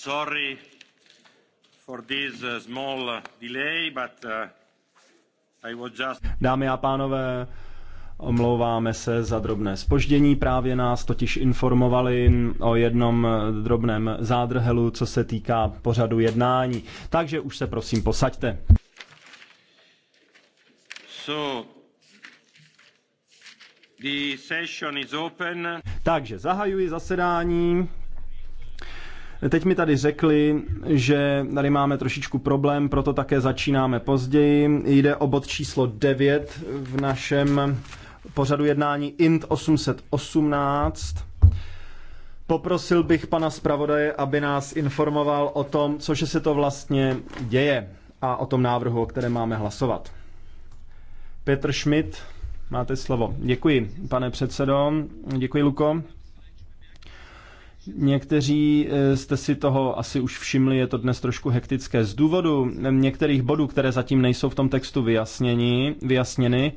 Sorry for this uh, small delay, but uh, I was just... Dámy a pánové, Omlouváme se za drobné spoždění. Právě nás totiž informovali o jednom drobném zádrhelu, co se týká pořadu jednání. Takže už se prosím posaďte. So, the session is open. Takže zahajuji zasedání. Teď mi tady řekli, že tady máme trošičku problém, proto také začínáme později. Jde o bod číslo 9 v našem pořadu jednání INT 818. Poprosil bych pana zpravodaje, aby nás informoval o tom, co se to vlastně děje a o tom návrhu, o kterém máme hlasovat. Petr Schmidt, máte slovo. Děkuji, pane předsedo. Děkuji, Luko. Někteří eh, jste si toho asi už všimli, je to dnes trošku hektické. Z důvodu eh, některých bodů, které zatím nejsou v tom textu vyjasněni, vyjasněny,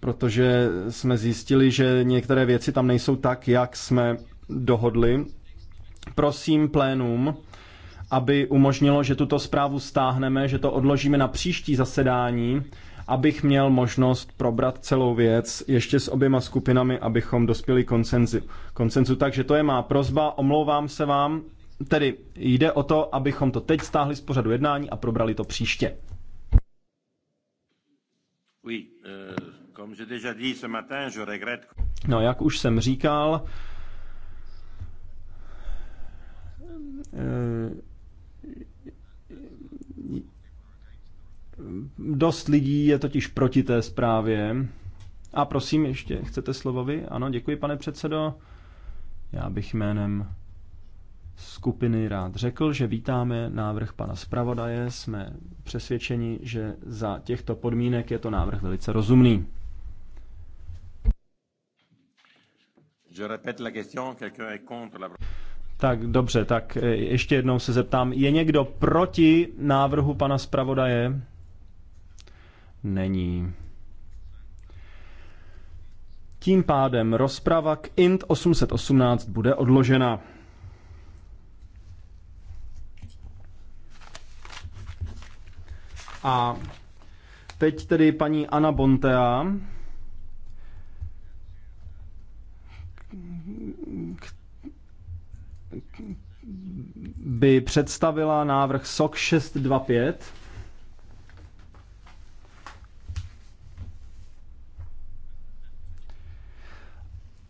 protože jsme zjistili, že některé věci tam nejsou tak, jak jsme dohodli. Prosím plénum, aby umožnilo, že tuto zprávu stáhneme, že to odložíme na příští zasedání, abych měl možnost probrat celou věc ještě s oběma skupinami, abychom dospěli konsenzu. konsenzu. Takže to je má prozba, omlouvám se vám. Tedy jde o to, abychom to teď stáhli z pořadu jednání a probrali to příště. No, jak už jsem říkal, Dost lidí je totiž proti té zprávě. A prosím, ještě chcete slovo vy? Ano, děkuji, pane předsedo. Já bych jménem skupiny rád řekl, že vítáme návrh pana zpravodaje. Jsme přesvědčeni, že za těchto podmínek je to návrh velice rozumný. Tak dobře, tak ještě jednou se zeptám. Je někdo proti návrhu pana zpravodaje? není. Tím pádem rozprava k INT 818 bude odložena. A teď tedy paní Ana Bontea, by představila návrh SOC 625,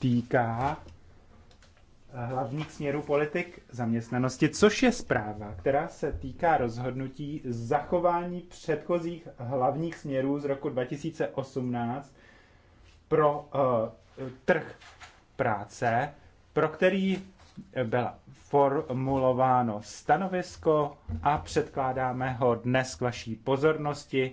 týká eh, hlavních směrů politik zaměstnanosti, což je zpráva, která se týká rozhodnutí zachování předchozích hlavních směrů z roku 2018 pro uh, trh práce, pro který byla formulováno stanovisko a předkládáme ho dnes k vaší pozornosti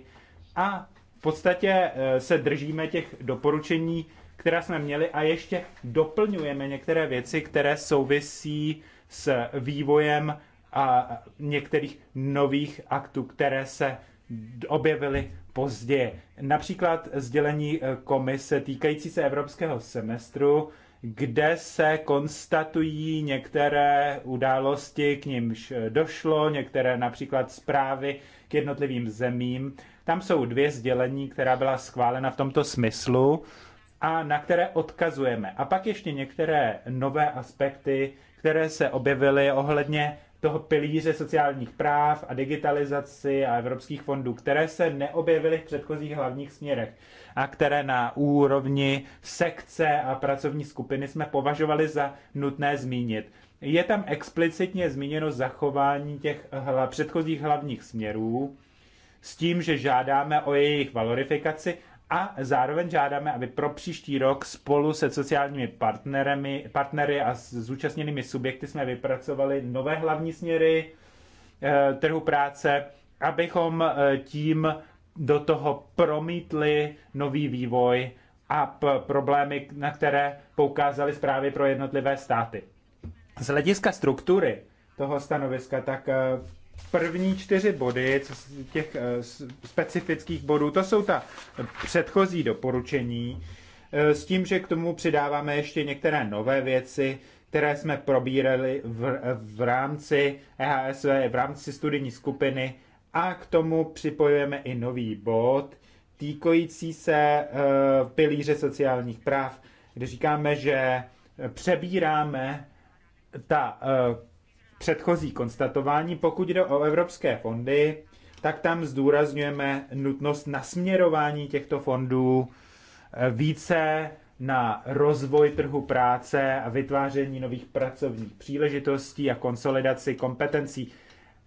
a v podstatě eh, se držíme těch doporučení která jsme měli a ještě doplňujeme některé věci, které souvisí s vývojem a některých nových aktů, které se objevily později. Například sdělení eh, komise týkající se evropského semestru, kde se konstatují některé události, k nimž eh, došlo, některé například zprávy k jednotlivým zemím. Tam jsou dvě sdělení, která byla schválena v tomto smyslu a na které odkazujeme. A pak ještě některé nové aspekty, které se objevily ohledně toho pilíře sociálních práv a digitalizaci a evropských fondů, které se neobjevily v předchozích hlavních směrech a které na úrovni sekce a pracovní skupiny jsme považovali za nutné zmínit. Je tam explicitně zmíněno zachování těch hla, předchozích hlavních směrů s tím, že žádáme o jejich valorifikaci a zároveň žádáme, aby pro příští rok spolu se sociálními partnery, partnery a s zúčastněnými subjekty jsme vypracovali nové hlavní směry eh, trhu práce, abychom eh, tím do toho promítli nový vývoj a problémy, na které poukázali zprávy pro jednotlivé státy. Z hlediska struktury toho stanoviska, tak eh, první čtyři body těch eh, specifických bodů, to jsou ta předchozí doporučení, eh, s tím, že k tomu přidáváme ještě některé nové věci, které jsme probírali v, v rámci EHSV, v rámci studijní skupiny a k tomu připojujeme i nový bod týkající se uh, pilíře sociálních práv, kde říkáme, že přebíráme ta uh, předchozí konstatování. Pokud jde o evropské fondy, tak tam zdůrazňujeme nutnost nasměrování těchto fondů eh, více na rozvoj trhu práce a vytváření nových pracovních příležitostí a konsolidaci kompetencí,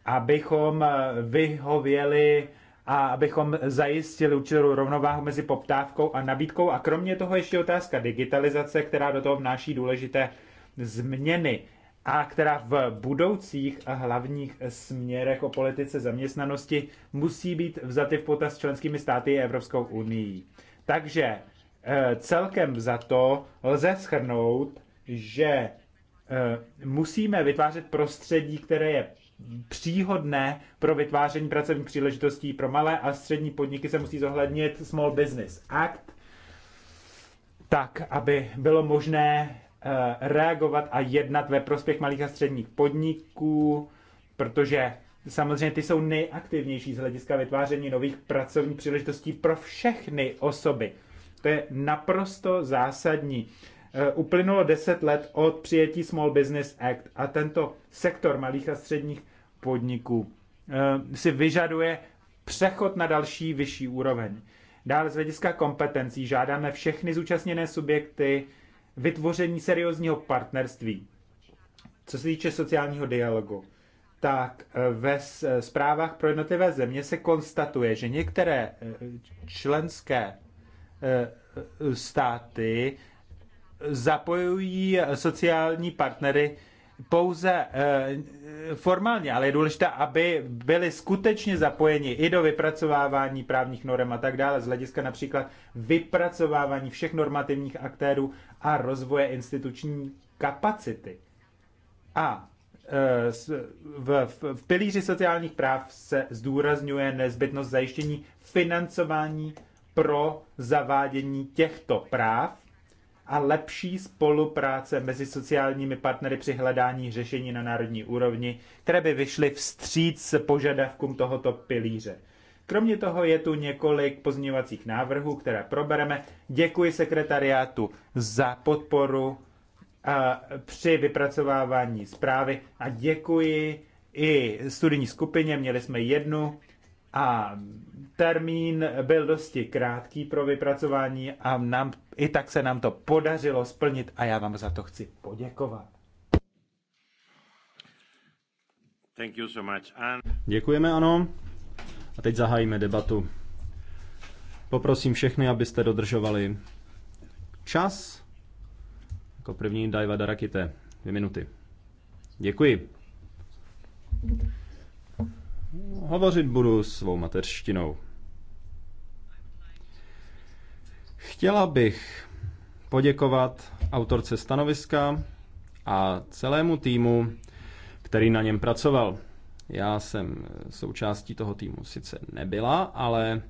abychom eh, vyhověli a abychom zajistili určitou rovnováhu mezi poptávkou a nabídkou. A kromě toho ještě otázka digitalizace, která do toho vnáší důležité změny a která v budoucích a hlavních směrech o politice zaměstnanosti musí být vzaty v potaz členskými státy Evropskou unii. Takže eh, celkem za to lze shrnout, že eh, musíme vytvářet prostředí, které je příhodné pro vytváření pracovních příležitostí pro malé a střední podniky se musí zohlednit Small Business Act, tak, aby bylo možné Eh, reagovat a jednat ve prospěch malých a středních podniků, protože samozřejmě ty jsou nejaktivnější z hlediska vytváření nových pracovních příležitostí pro všechny osoby. To je naprosto zásadní. Eh, uplynulo 10 let od přijetí Small Business Act a tento sektor malých a středních podniků eh, si vyžaduje přechod na další vyšší úroveň. Dále z hlediska kompetencí žádáme všechny zúčastněné subjekty, vytvoření seriózního partnerství. Co se týče sociálního dialogu, tak eh, ve eh, zprávách pro jednotlivé země se konstatuje, že některé eh, členské státy zapojují sociální partnery pouze eh, formálně, ale je důležité, aby byli skutečně zapojeni i do vypracovávání právních norm a tak dále, z hlediska například vypracovávání všech normativních aktérů a rozvoje instituční kapacity. A eh, v, v, v pilíři sociálních práv se zdůrazňuje nezbytnost zajištění financování pro zavádění těchto práv a lepší spolupráce mezi sociálními partnery při hledání řešení na národní úrovni, které by vyšly vstříc s požadavkům tohoto pilíře. Kromě toho je tu několik pozměňovacích návrhů, které probereme. Děkuji sekretariátu za podporu a, při vypracovávání zprávy a děkuji i studijní skupině. Měli jsme jednu a termín byl dosti krátký pro vypracování a nám, i tak se nám to podařilo splnit a já vám za to chci poděkovat. Thank you so much. And... Děkujeme, ano. A teď zahájíme debatu. Poprosím všechny, abyste dodržovali čas. Jako první Dajva Darakite. Dvě minuty. Děkuji. Hovořit budu svou mateřštinou. Chtěla bych poděkovat autorce stanoviska a celému týmu, který na něm pracoval. Já jsem součástí toho týmu sice nebyla, ale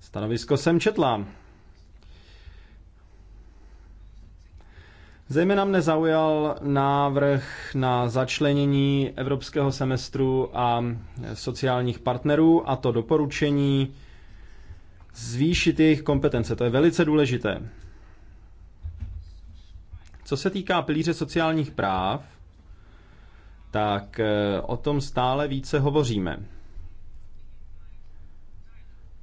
stanovisko jsem četla. Zejména mne zaujal návrh na začlenění evropského semestru a sociálních partnerů a to doporučení zvýšit jejich kompetence. To je velice důležité. Co se týká pilíře sociálních práv, tak eh, o tom stále více hovoříme.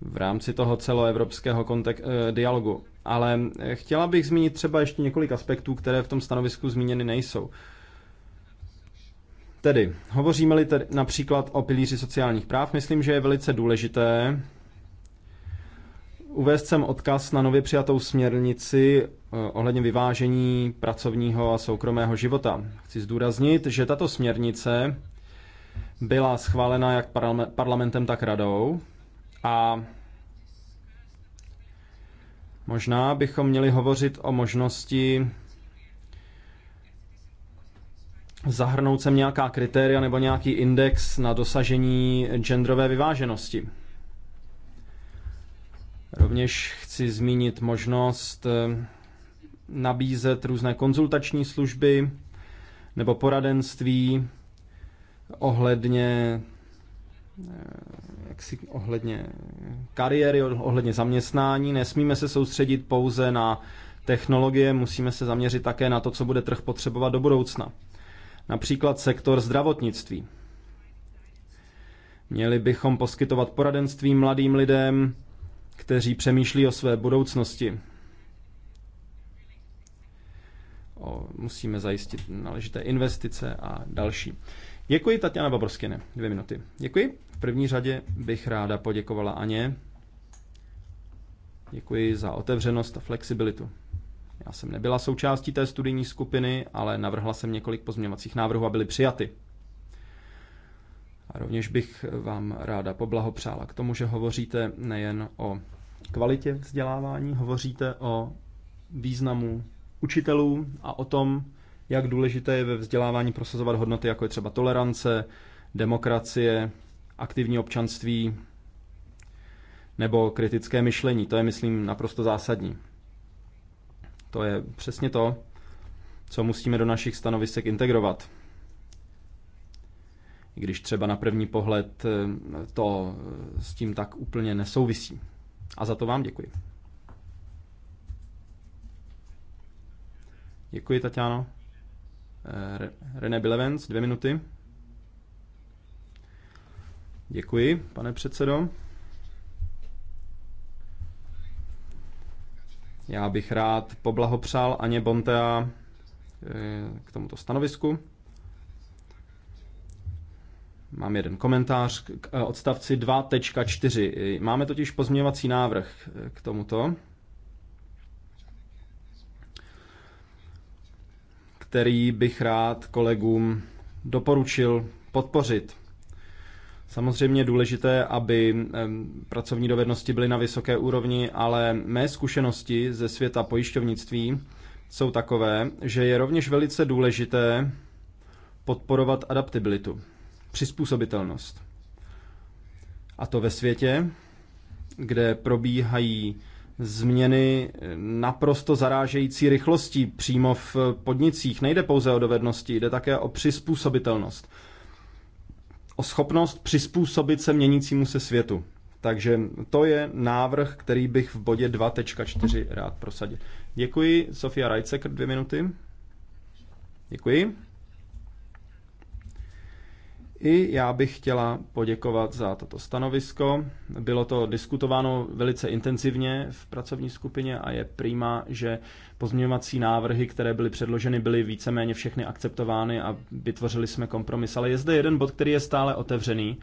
V rámci toho celoevropského kontek- eh, dialogu. Ale eh, chtěla bych zmínit třeba ještě několik aspektů, které v tom stanovisku zmíněny nejsou. Tedy, hovoříme-li tedy například o pilíři sociálních práv, myslím, že je velice důležité Uvést jsem odkaz na nově přijatou směrnici eh, ohledně vyvážení pracovního a soukromého života. Chci zdůraznit, že tato směrnice byla schválena jak parlamentem, tak radou a možná bychom měli hovořit o možnosti zahrnout sem nějaká kritéria nebo nějaký index na dosažení genderové vyváženosti. Rovněž chci zmínit možnost eh, nabízet různé konzultační služby nebo poradenství ohledně eh, jak si, ohledně kariéry, ohledně zaměstnání. Nesmíme se soustředit pouze na technologie, musíme se zaměřit také na to, co bude trh potřebovat do budoucna. Například sektor zdravotnictví. Měli bychom poskytovat poradenství mladým lidem, kteří přemýšlí o své budoucnosti. O, musíme zajistit náležité investice a další. Děkuji, Tatiana Baborskine. Dvě minuty. Děkuji. V první řadě bych ráda poděkovala Aně. Děkuji za otevřenost a flexibilitu. Já jsem nebyla součástí té studijní skupiny, ale navrhla jsem několik pozměňovacích návrhů a byly přijaty. A rovněž bych vám ráda poblahopřála k tomu, že hovoříte nejen o kvalitě vzdělávání, hovoříte o významu učitelů a o tom, jak důležité je ve vzdělávání prosazovat hodnoty, jako je třeba tolerance, demokracie, aktivní občanství nebo kritické myšlení. To je, myslím, naprosto zásadní. To je přesně to, co musíme do našich stanovisek integrovat i když třeba na první pohled eh, to eh, s tím tak úplně nesouvisí. A za to vám děkuji. Děkuji, Tatiano. Eh, René Bilevens, dvě minuty. Děkuji, pane předsedo. Já bych rád poblahopřál Aně Bontea k tomuto stanovisku. Mám jeden komentář k eh, odstavci 2.4. Máme totiž pozměňovací návrh eh, k tomuto, který bych rád kolegům doporučil podpořit. Samozřejmě je důležité, aby pracovní dovednosti byly na vysoké úrovni, ale mé zkušenosti ze světa pojišťovnictví jsou takové, že je rovněž velice důležité podporovat adaptibilitu přizpůsobitelnost. A to ve světě, kde probíhají změny naprosto zarážející rychlostí přímo v podnicích. Nejde pouze o dovednosti, jde také o přizpůsobitelnost. O schopnost přizpůsobit se měnícímu se světu. Takže to je návrh, který bych v bodě 2.4 rád prosadil. Děkuji, Sofia Rajcek, dvě minuty. Děkuji. I já bych chtěla poděkovat za toto stanovisko. Bylo to diskutováno velice intenzivně v pracovní skupině a je prýma, že pozměňovací návrhy, které byly předloženy, byly víceméně všechny akceptovány a vytvořili jsme kompromis. Ale je zde jeden bod, který je stále otevřený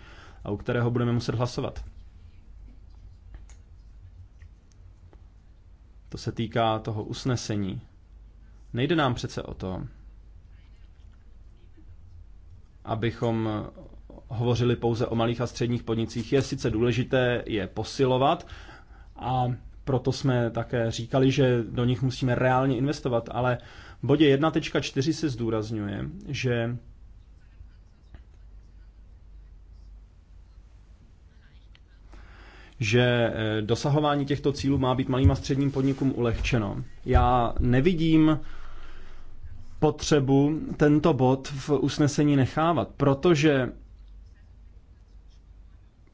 a u kterého budeme muset hlasovat. To se týká toho usnesení. Nejde nám přece o to, abychom hovořili pouze o malých a středních podnicích, je sice důležité je posilovat a proto jsme také říkali, že do nich musíme reálně investovat, ale v bodě 1.4 se zdůrazňuje, že že eh, dosahování těchto cílů má být malým a středním podnikům ulehčeno. Já nevidím potřebu tento bod v usnesení nechávat, protože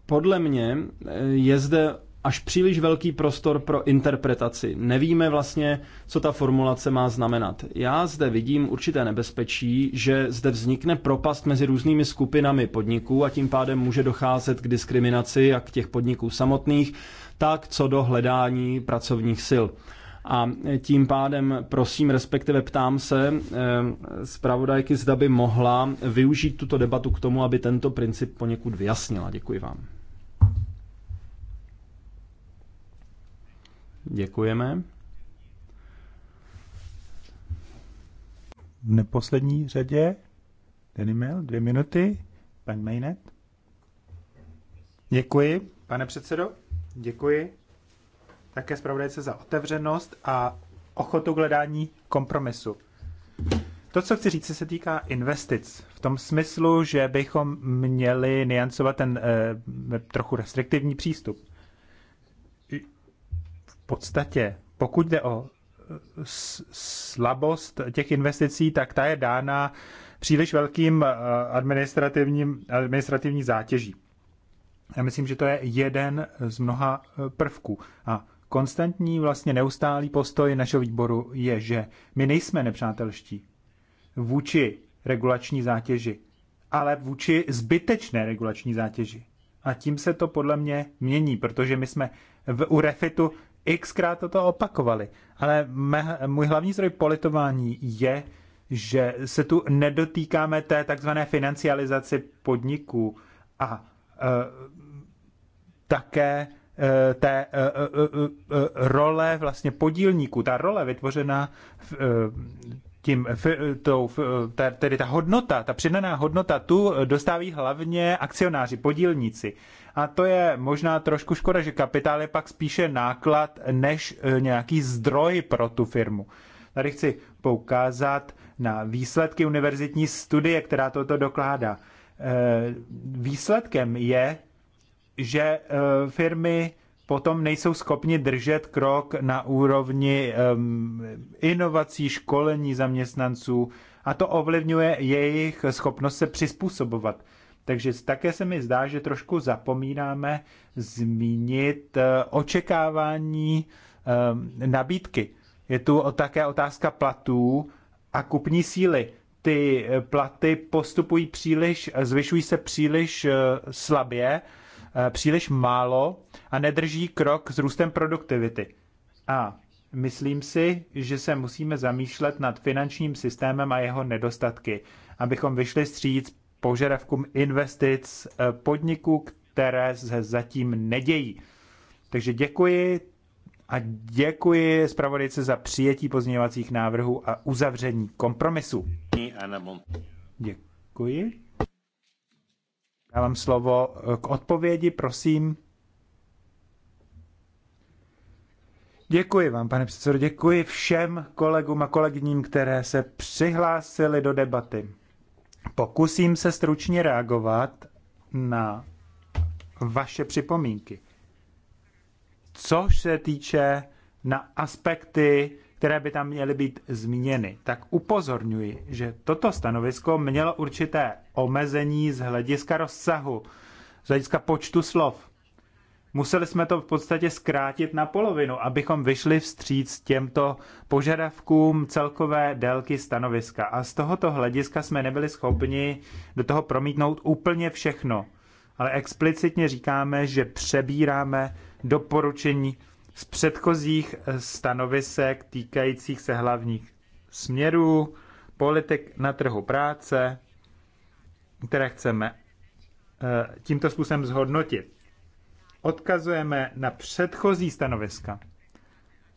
podle mě eh, je zde až příliš velký prostor pro interpretaci. Nevíme vlastně, co ta formulace má znamenat. Já zde vidím určité nebezpečí, že zde vznikne propast mezi různými skupinami podniků a tím pádem může docházet k diskriminaci jak těch podniků samotných, tak co do hledání pracovních sil. A tím pádem prosím, respektive ptám se eh, zpravodajky, zda by mohla využít tuto debatu k tomu, aby tento princip poněkud vyjasnila. Děkuji vám. Děkujeme. V neposlední řadě Denimel, dvě minuty, pan Mejnet. Děkuji, pane předsedo, děkuji také zpravodajce za otevřenost a ochotu k hledání kompromisu. To, co chci říct, se týká investic. V tom smyslu, že bychom měli niancovat ten eh, trochu restriktivní přístup. V podstatě, pokud jde o eh, slabost těch investicí, tak ta je dána příliš velkým eh, administrativním, administrativní zátěží. Já myslím, že to je jeden z mnoha eh, prvků. A konstantní, vlastně neustálý postoj našeho výboru je, že my nejsme nepřátelští vůči regulační zátěži, ale vůči zbytečné regulační zátěži. A tím se to podle mě mění, protože my jsme v, u Refitu xkrát toto opakovali. Ale mé, můj hlavní zdroj politování je, že se tu nedotýkáme té takzvané financializaci podniků a e, také Eh, té eh, eh, role vlastně podílníků, ta role vytvořená tím, tedy ta hodnota, ta přidaná hodnota, tu dostávají hlavně akcionáři, podílníci. A to je možná trošku škoda, že kapitál je pak spíše náklad než nějaký zdroj pro tu firmu. Tady chci poukázat na výsledky univerzitní studie, která toto dokládá. Výsledkem je že e, firmy potom nejsou schopni držet krok na úrovni e, inovací, školení zaměstnanců a to ovlivňuje jejich schopnost se přizpůsobovat. Takže také se mi zdá, že trošku zapomínáme zmínit e, očekávání nabídky. Je tu také otázka platů a kupní síly. Ty platy postupují příliš, zvyšují se příliš slabě Eh, příliš málo a nedrží krok s růstem produktivity. A myslím si, že se musíme zamýšlet nad finančním systémem a jeho nedostatky, abychom vyšli stříc požadavkům investic eh, podniků, které se zatím nedějí. Takže děkuji a děkuji zpravodajce za přijetí pozměňovacích návrhů a uzavření kompromisu. Děkuji. Dávám slovo eh, k odpovědi, prosím. Děkuji vám, pane předsedo, děkuji všem kolegům a kolegyním, které se přihlásili do debaty. Pokusím se stručně reagovat na vaše připomínky. Což se týče na aspekty které by tam měly být zmíněny, tak upozorňuji, že toto stanovisko mělo určité omezení z hlediska rozsahu, z hlediska počtu slov. Museli jsme to v podstatě zkrátit na polovinu, abychom vyšli vstříc těmto požadavkům celkové délky stanoviska. A z tohoto hlediska jsme nebyli schopni do toho promítnout úplně všechno. Ale explicitně říkáme, že přebíráme doporučení z předchozích eh, stanovisek týkajících se hlavních směrů, politik na trhu práce, které chceme eh, tímto způsobem zhodnotit. Odkazujeme na předchozí stanoviska,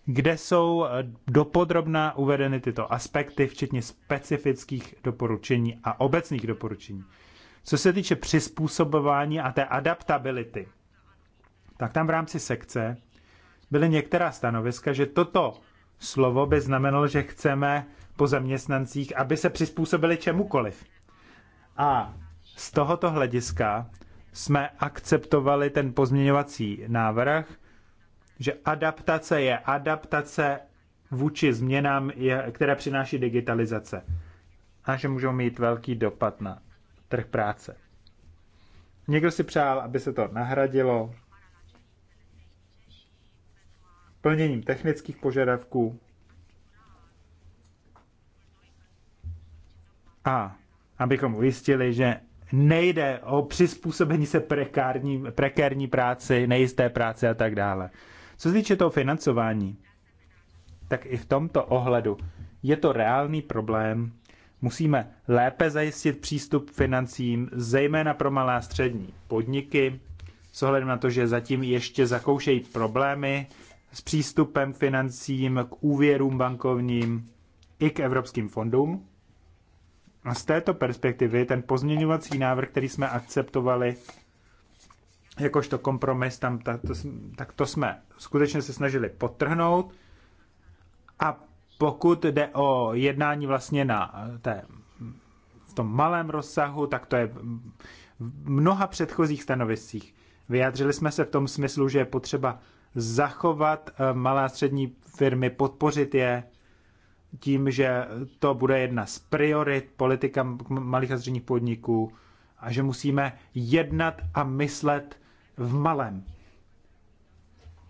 kde jsou eh, dopodrobná uvedeny tyto aspekty, včetně specifických doporučení a obecných doporučení. Co se týče přizpůsobování a té adaptability, tak tam v rámci sekce byly některá stanoviska, že toto slovo by znamenalo, že chceme po zaměstnancích, aby se přizpůsobili čemukoliv. A z tohoto hlediska jsme akceptovali ten pozměňovací návrh, že adaptace je adaptace vůči změnám, které přináší digitalizace a že můžou mít velký dopad na trh práce. Někdo si přál, aby se to nahradilo splněním technických požadavků a abychom ujistili, že nejde o přizpůsobení se prekární, prekární práci, nejisté práci a tak dále. Co se týče toho financování, tak i v tomto ohledu je to reálný problém. Musíme lépe zajistit přístup k financím, zejména pro malé a střední podniky, s ohledem na to, že zatím ještě zakoušejí problémy s přístupem financím, k úvěrům bankovním i k evropským fondům. A z této perspektivy ten pozměňovací návrh, který jsme akceptovali jakožto kompromis, tam, tak, to, tak to jsme skutečně se snažili potrhnout. A pokud jde o jednání vlastně na té, v tom malém rozsahu, tak to je v mnoha předchozích stanoviscích. Vyjádřili jsme se v tom smyslu, že je potřeba zachovat eh, malé a střední firmy, podpořit je tím, že to bude jedna z priorit politika malých a středních podniků a že musíme jednat a myslet v malém.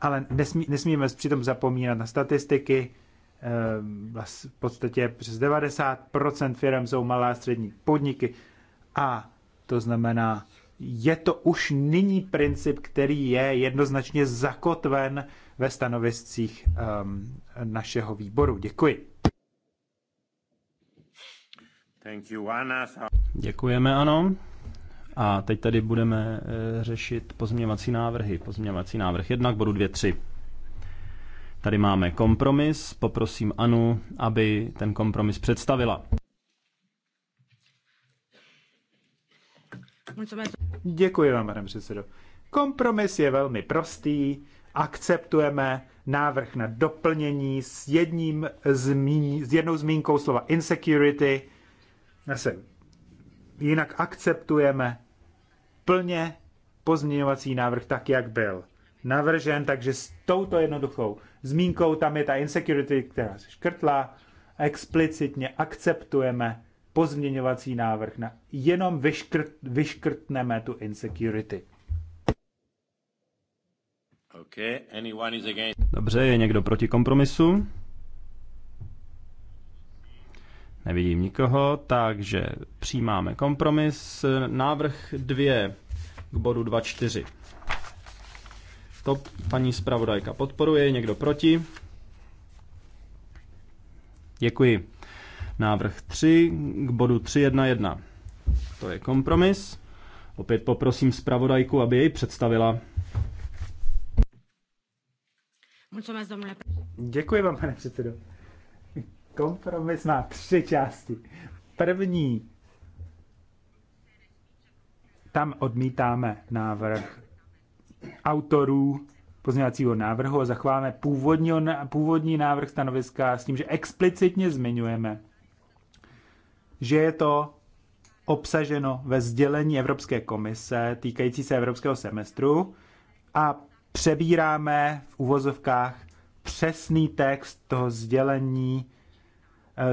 Ale nesmí, nesmíme přitom zapomínat na statistiky. Eh, v podstatě přes 90% firm jsou malé a střední podniky a to znamená, je to už nyní princip, který je jednoznačně zakotven ve stanoviscích um, našeho výboru. Děkuji. Thank you, Anna. Děkujeme, ano. A teď tady budeme eh, řešit pozměňovací návrhy. Pozměňovací návrh 1 k bodu 2, 3. Tady máme kompromis. Poprosím Anu, aby ten kompromis představila. Děkuji vám, pane předsedo. Kompromis je velmi prostý. Akceptujeme návrh na doplnění s, jedním zmín, s jednou zmínkou slova insecurity. Zase, jinak akceptujeme plně pozměňovací návrh tak, jak byl navržen, takže s touto jednoduchou zmínkou tam je ta insecurity, která se škrtla, explicitně akceptujeme pozměňovací návrh na jenom vyškrt, vyškrtneme tu insecurity. Okay, anyone is Dobře, je někdo proti kompromisu? Nevidím nikoho, takže přijímáme kompromis. Návrh 2 k bodu 2.4. To paní zpravodajka podporuje, někdo proti? Děkuji. Návrh 3 k bodu 3.1.1. To je kompromis. Opět poprosím zpravodajku, aby jej představila. Děkuji vám, pane předsedo. Kompromis má tři části. První. Tam odmítáme návrh autorů pozměňovacího návrhu a zachováme původní, původní návrh stanoviska s tím, že explicitně zmiňujeme že je to obsaženo ve sdělení Evropské komise týkající se Evropského semestru a přebíráme v uvozovkách přesný text toho sdělení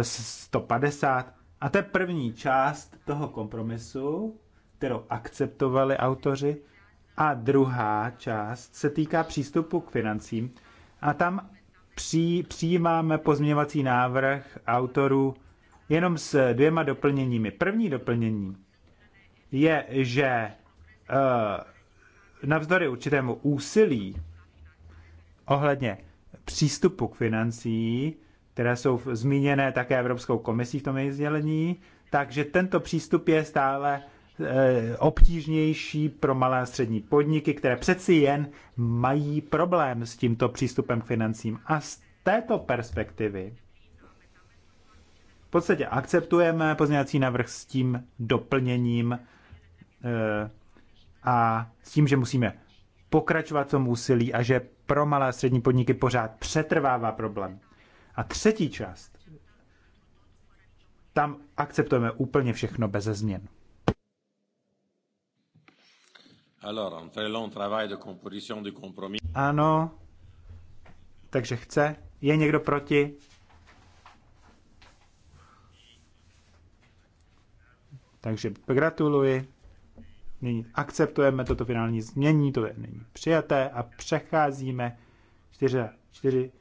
150. Eh, a to je první část toho kompromisu, kterou akceptovali autoři. A druhá část se týká přístupu k financím. A tam při, přijímáme pozměňovací návrh autorů jenom s dvěma doplněními. První doplnění je, že eh, navzdory určitému úsilí ohledně přístupu k financí, které jsou zmíněné také Evropskou komisí v tom sdělení, takže tento přístup je stále eh, obtížnější pro malé a střední podniky, které přeci jen mají problém s tímto přístupem k financím. A z této perspektivy podstatě akceptujeme pozměňovací návrh s tím doplněním eh, a s tím, že musíme pokračovat v tom úsilí a že pro malé a střední podniky pořád přetrvává problém. A třetí část, tam akceptujeme úplně všechno bez změn. Ano, takže chce. Je někdo proti? Takže gratuluji. Nyní akceptujeme toto finální změní, to je nyní přijaté a přecházíme 4, 4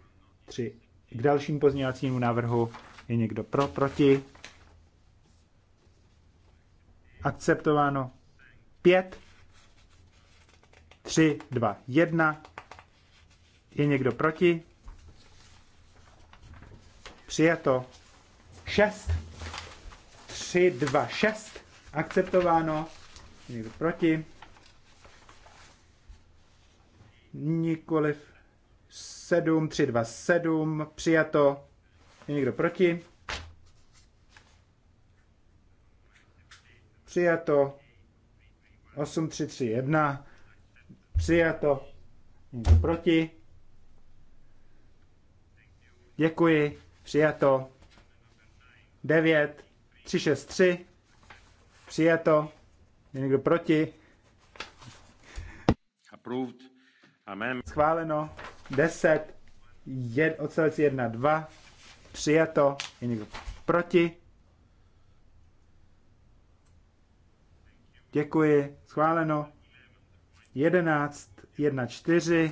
3 k dalším pozměňovacímu návrhu. Je někdo pro, proti? Akceptováno 5, 3, 2, 1. Je někdo proti? Přijato 6, 3, 2, 6. Akceptováno. Někdo proti? Nikoliv 7, 3, 2, 7, přijato. Je někdo proti? Přijato. 8, 3, 3, 1. Přijato. Někdo proti? Děkuji. Přijato. 9, 3, 6, 3. Přijato. Je někdo proti? Approved. Amen. Schváleno. 10. Jed, odstavec 1, 2. Přijato. Je někdo proti? Děkuji. Schváleno. 11, 1, 4.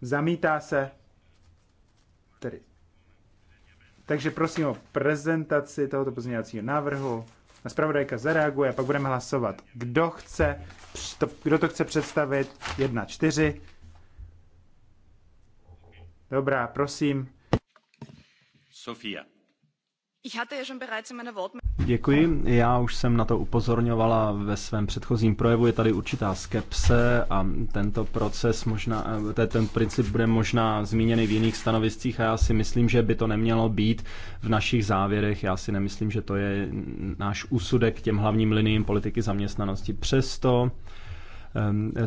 Zamítá se. Tedy. Takže prosím o prezentaci tohoto pozměňovacího návrhu. Spravodajka zareaguje a pak budeme hlasovat. Kdo, chce, kdo to chce představit? 1-4. Dobrá, prosím. Sofia. Děkuji. Já už jsem na to upozorňovala ve svém předchozím projevu. Je tady určitá skepse a tento proces možná, eh, ten princip bude možná zmíněný v jiných stanoviscích a já si myslím, že by to nemělo být v našich závěrech. Já si nemyslím, že to je náš úsudek těm hlavním liniím politiky zaměstnanosti. Přesto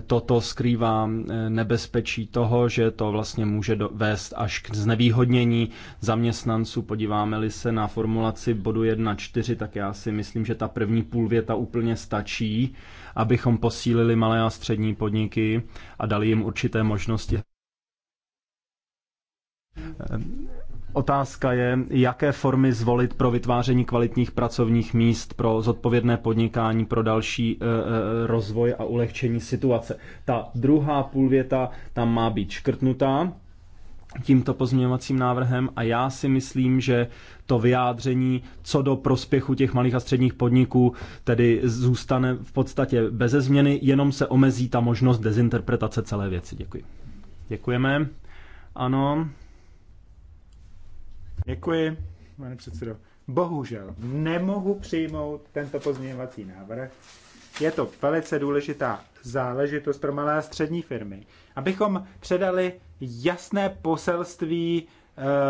toto skrývá nebezpečí toho, že to vlastně může vést až k znevýhodnění zaměstnanců. Podíváme-li se na formulaci bodu 1.4, tak já si myslím, že ta první půlvěta úplně stačí, abychom posílili malé a střední podniky a dali jim určité možnosti Otázka je, jaké formy zvolit pro vytváření kvalitních pracovních míst, pro zodpovědné podnikání, pro další e, rozvoj a ulehčení situace. Ta druhá půlvěta tam má být škrtnutá tímto pozměňovacím návrhem a já si myslím, že to vyjádření co do prospěchu těch malých a středních podniků tedy zůstane v podstatě beze změny, jenom se omezí ta možnost dezinterpretace celé věci. Děkuji. Děkujeme. Ano, Děkuji, pane předsedo. Bohužel nemohu přijmout tento pozměňovací návrh. Je to velice důležitá záležitost pro malé a střední firmy, abychom předali jasné poselství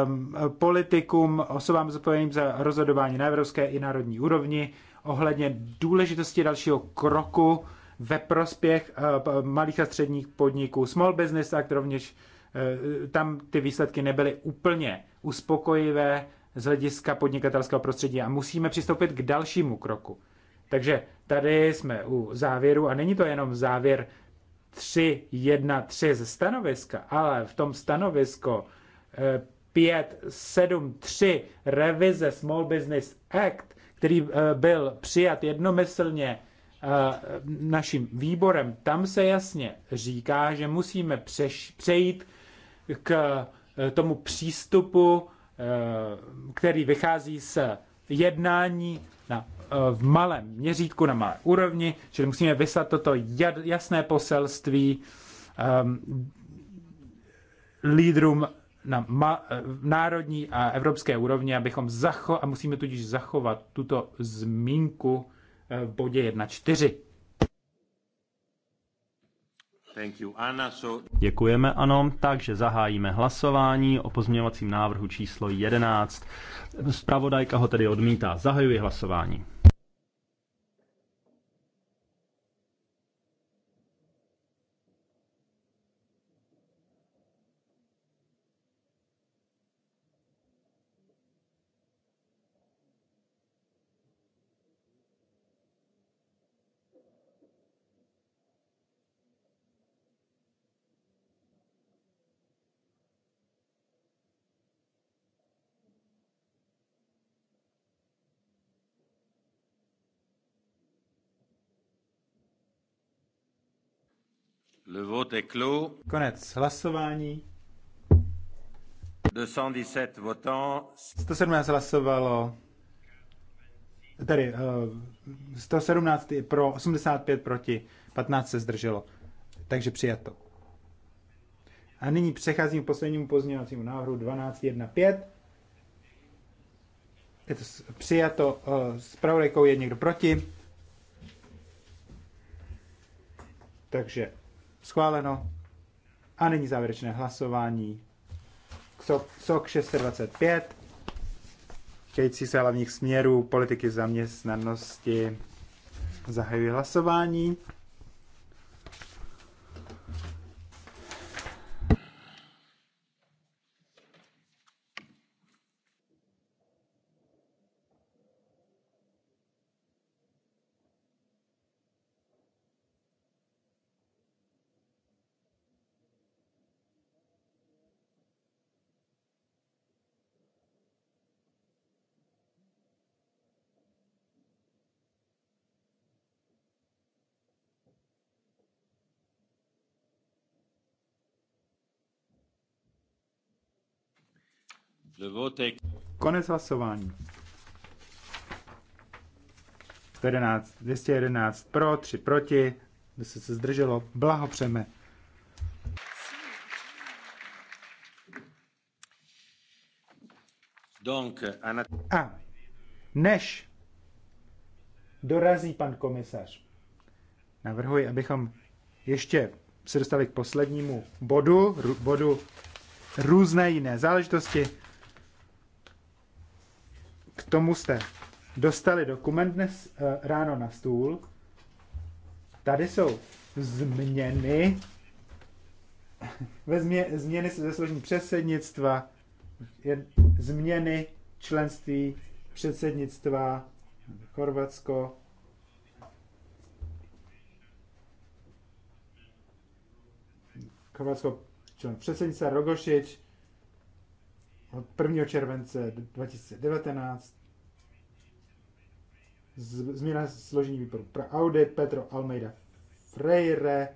um, politikům, osobám zodpovědným za rozhodování na evropské i národní úrovni ohledně důležitosti dalšího kroku ve prospěch uh, malých a středních podniků. Small Business Act rovněž uh, tam ty výsledky nebyly úplně uspokojivé z hlediska podnikatelského prostředí a musíme přistoupit k dalšímu kroku. Takže tady jsme u závěru a není to jenom závěr 3, 1, 3 ze stanoviska, ale v tom stanovisko 5, 7, 3 revize Small Business Act, který eh, byl přijat jednomyslně eh, naším výborem, tam se jasně říká, že musíme přejít k Eh, tomu přístupu, eh, který vychází z jednání na, eh, v malém měřítku, na malé úrovni, čili musíme vyslat toto jasné poselství um, lídrům na ma, národní a evropské úrovni, abychom zacho, a musíme tudíž zachovat tuto zmínku v bodě 1.4. Děkujeme, ano. Takže zahájíme hlasování o pozměňovacím návrhu číslo 11. Zpravodajka ho tedy odmítá. Zahajuji hlasování. Le vote est clos. Konec hlasování. 217 votants. 117 hlasovalo. Tady 117 eh, pro, 85 proti, 15 se zdrželo. Takže přijato. A nyní přecházím k poslednímu pozměňovacímu návrhu 12.1.5. Je to přijato eh, s pravodajkou, je někdo proti. Takže Schváleno. A nyní závěrečné hlasování. SOK 625, týkající se hlavních směrů politiky zaměstnanosti. Zahajuji hlasování. Konec hlasování. 11, 211 pro, 3 proti, 10 se zdrželo. Blahopřeme. A než dorazí pan komisař, navrhuji, abychom ještě se dostali k poslednímu bodu, bodu různé jiné záležitosti tomu jste dostali dokument dnes eh, ráno na stůl. Tady jsou změny ve změ, změny ze složení předsednictva, je, změny členství předsednictva Chorvatsko. Chorvatsko člen předsednictva Rogošič od 1. července 2019 z, změna složení výboru pro audit Petro Almeida Freire,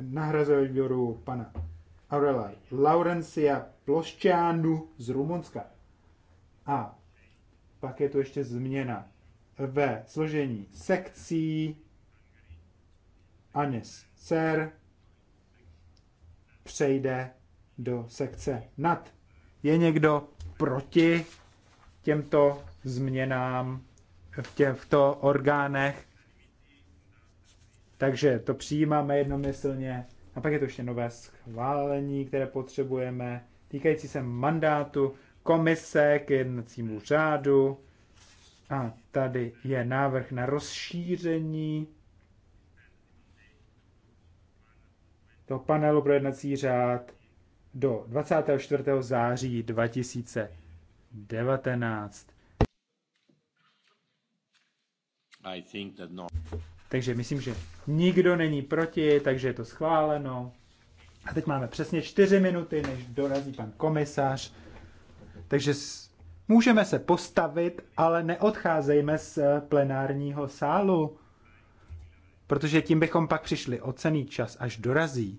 nahrazuje výboru pana Aurela Laurencia Ploščánu z Rumunska. A pak je tu ještě změna ve složení sekcí Anes Cer přejde do sekce nad. Je někdo proti těmto změnám? v těchto orgánech. Takže to přijímáme jednomyslně. A pak je to ještě nové schválení, které potřebujeme, týkající se mandátu komise k jednacímu řádu. A tady je návrh na rozšíření toho panelu pro jednací řád do 24. září 2019. Takže myslím, že nikdo není proti, takže je to schváleno. A teď máme přesně čtyři minuty, než dorazí pan komisař. Takže můžeme se postavit, ale neodcházejme z plenárního sálu, protože tím bychom pak přišli o cený čas, až dorazí.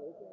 Thank you.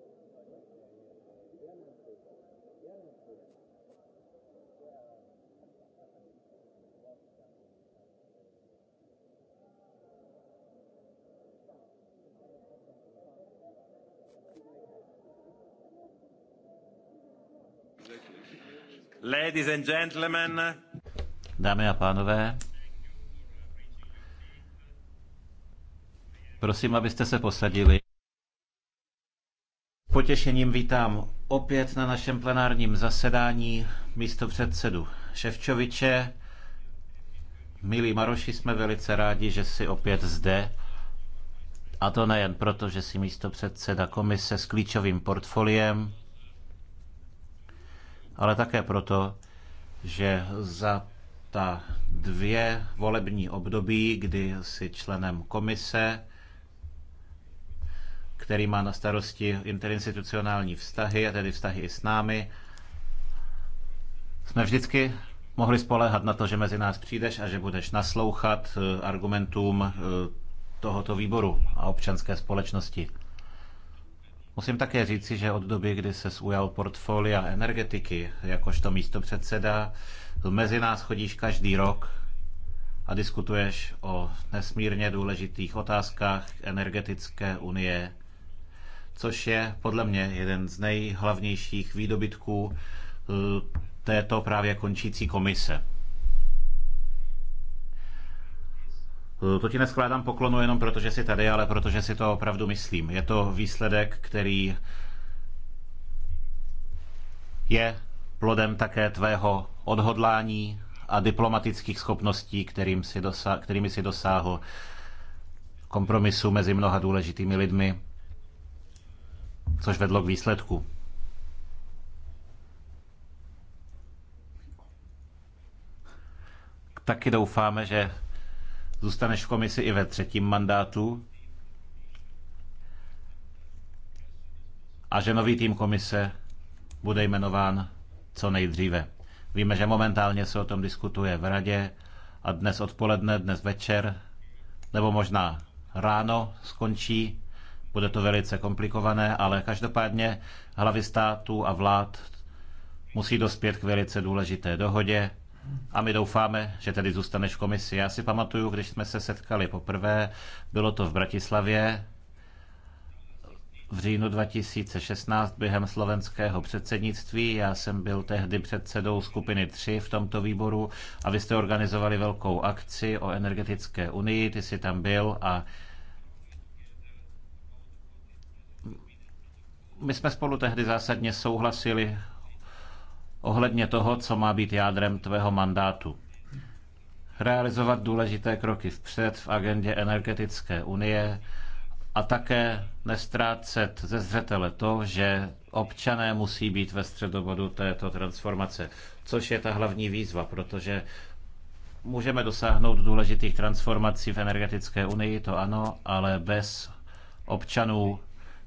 Ladies and gentlemen. Dámy a pánové, prosím, abyste se posadili. Potěšením vítám opět na našem plenárním zasedání místo předsedu Ševčoviče. Milí Maroši, jsme velice rádi, že jsi opět zde. A to nejen proto, že si místo předseda komise s klíčovým portfoliem ale také proto, že za ta dvě volební období, kdy si členem komise, který má na starosti interinstitucionální vztahy, a tedy vztahy i s námi, jsme vždycky mohli spolehat na to, že mezi nás přijdeš a že budeš naslouchat eh, argumentům eh, tohoto výboru a občanské společnosti. Musím také říci, že od doby, kdy se ujal portfolia energetiky jakožto místo předseda, mezi nás chodíš každý rok a diskutuješ o nesmírně důležitých otázkách energetické unie, což je podle mě jeden z nejhlavnějších výdobytků eh, této právě končící komise. Eh, to ti neskládám poklonu jenom proto, že jsi tady, ale protože si to opravdu myslím. Je to výsledek, který je plodem také tvého odhodlání a diplomatických schopností, kterým si dosa- kterými si dosáhl kompromisu mezi mnoha důležitými lidmi, což vedlo k výsledku. Taky doufáme, že Zůstaneš v komisi i ve třetím mandátu? A že nový tým komise bude jmenován co nejdříve. Víme, že momentálně se o tom diskutuje v radě a dnes odpoledne, dnes večer, nebo možná ráno skončí. Bude to velice komplikované, ale každopádně hlavy států a vlád musí dospět k velice důležité dohodě a my doufáme, že tedy zůstaneš v komisi. Já si pamatuju, když jsme se setkali poprvé, bylo to v Bratislavě v říjnu 2016 během slovenského předsednictví. Já jsem byl tehdy předsedou skupiny 3 v tomto výboru a vy jste organizovali velkou akci o energetické unii, ty jsi tam byl a my jsme spolu tehdy zásadně souhlasili ohledně toho, co má být jádrem tvého mandátu. Realizovat důležité kroky vpřed v agendě energetické unie a také nestrácet ze zřetele to, že občané musí být ve středobodu této transformace, což je ta hlavní výzva, protože můžeme dosáhnout důležitých transformací v energetické unii, to ano, ale bez občanů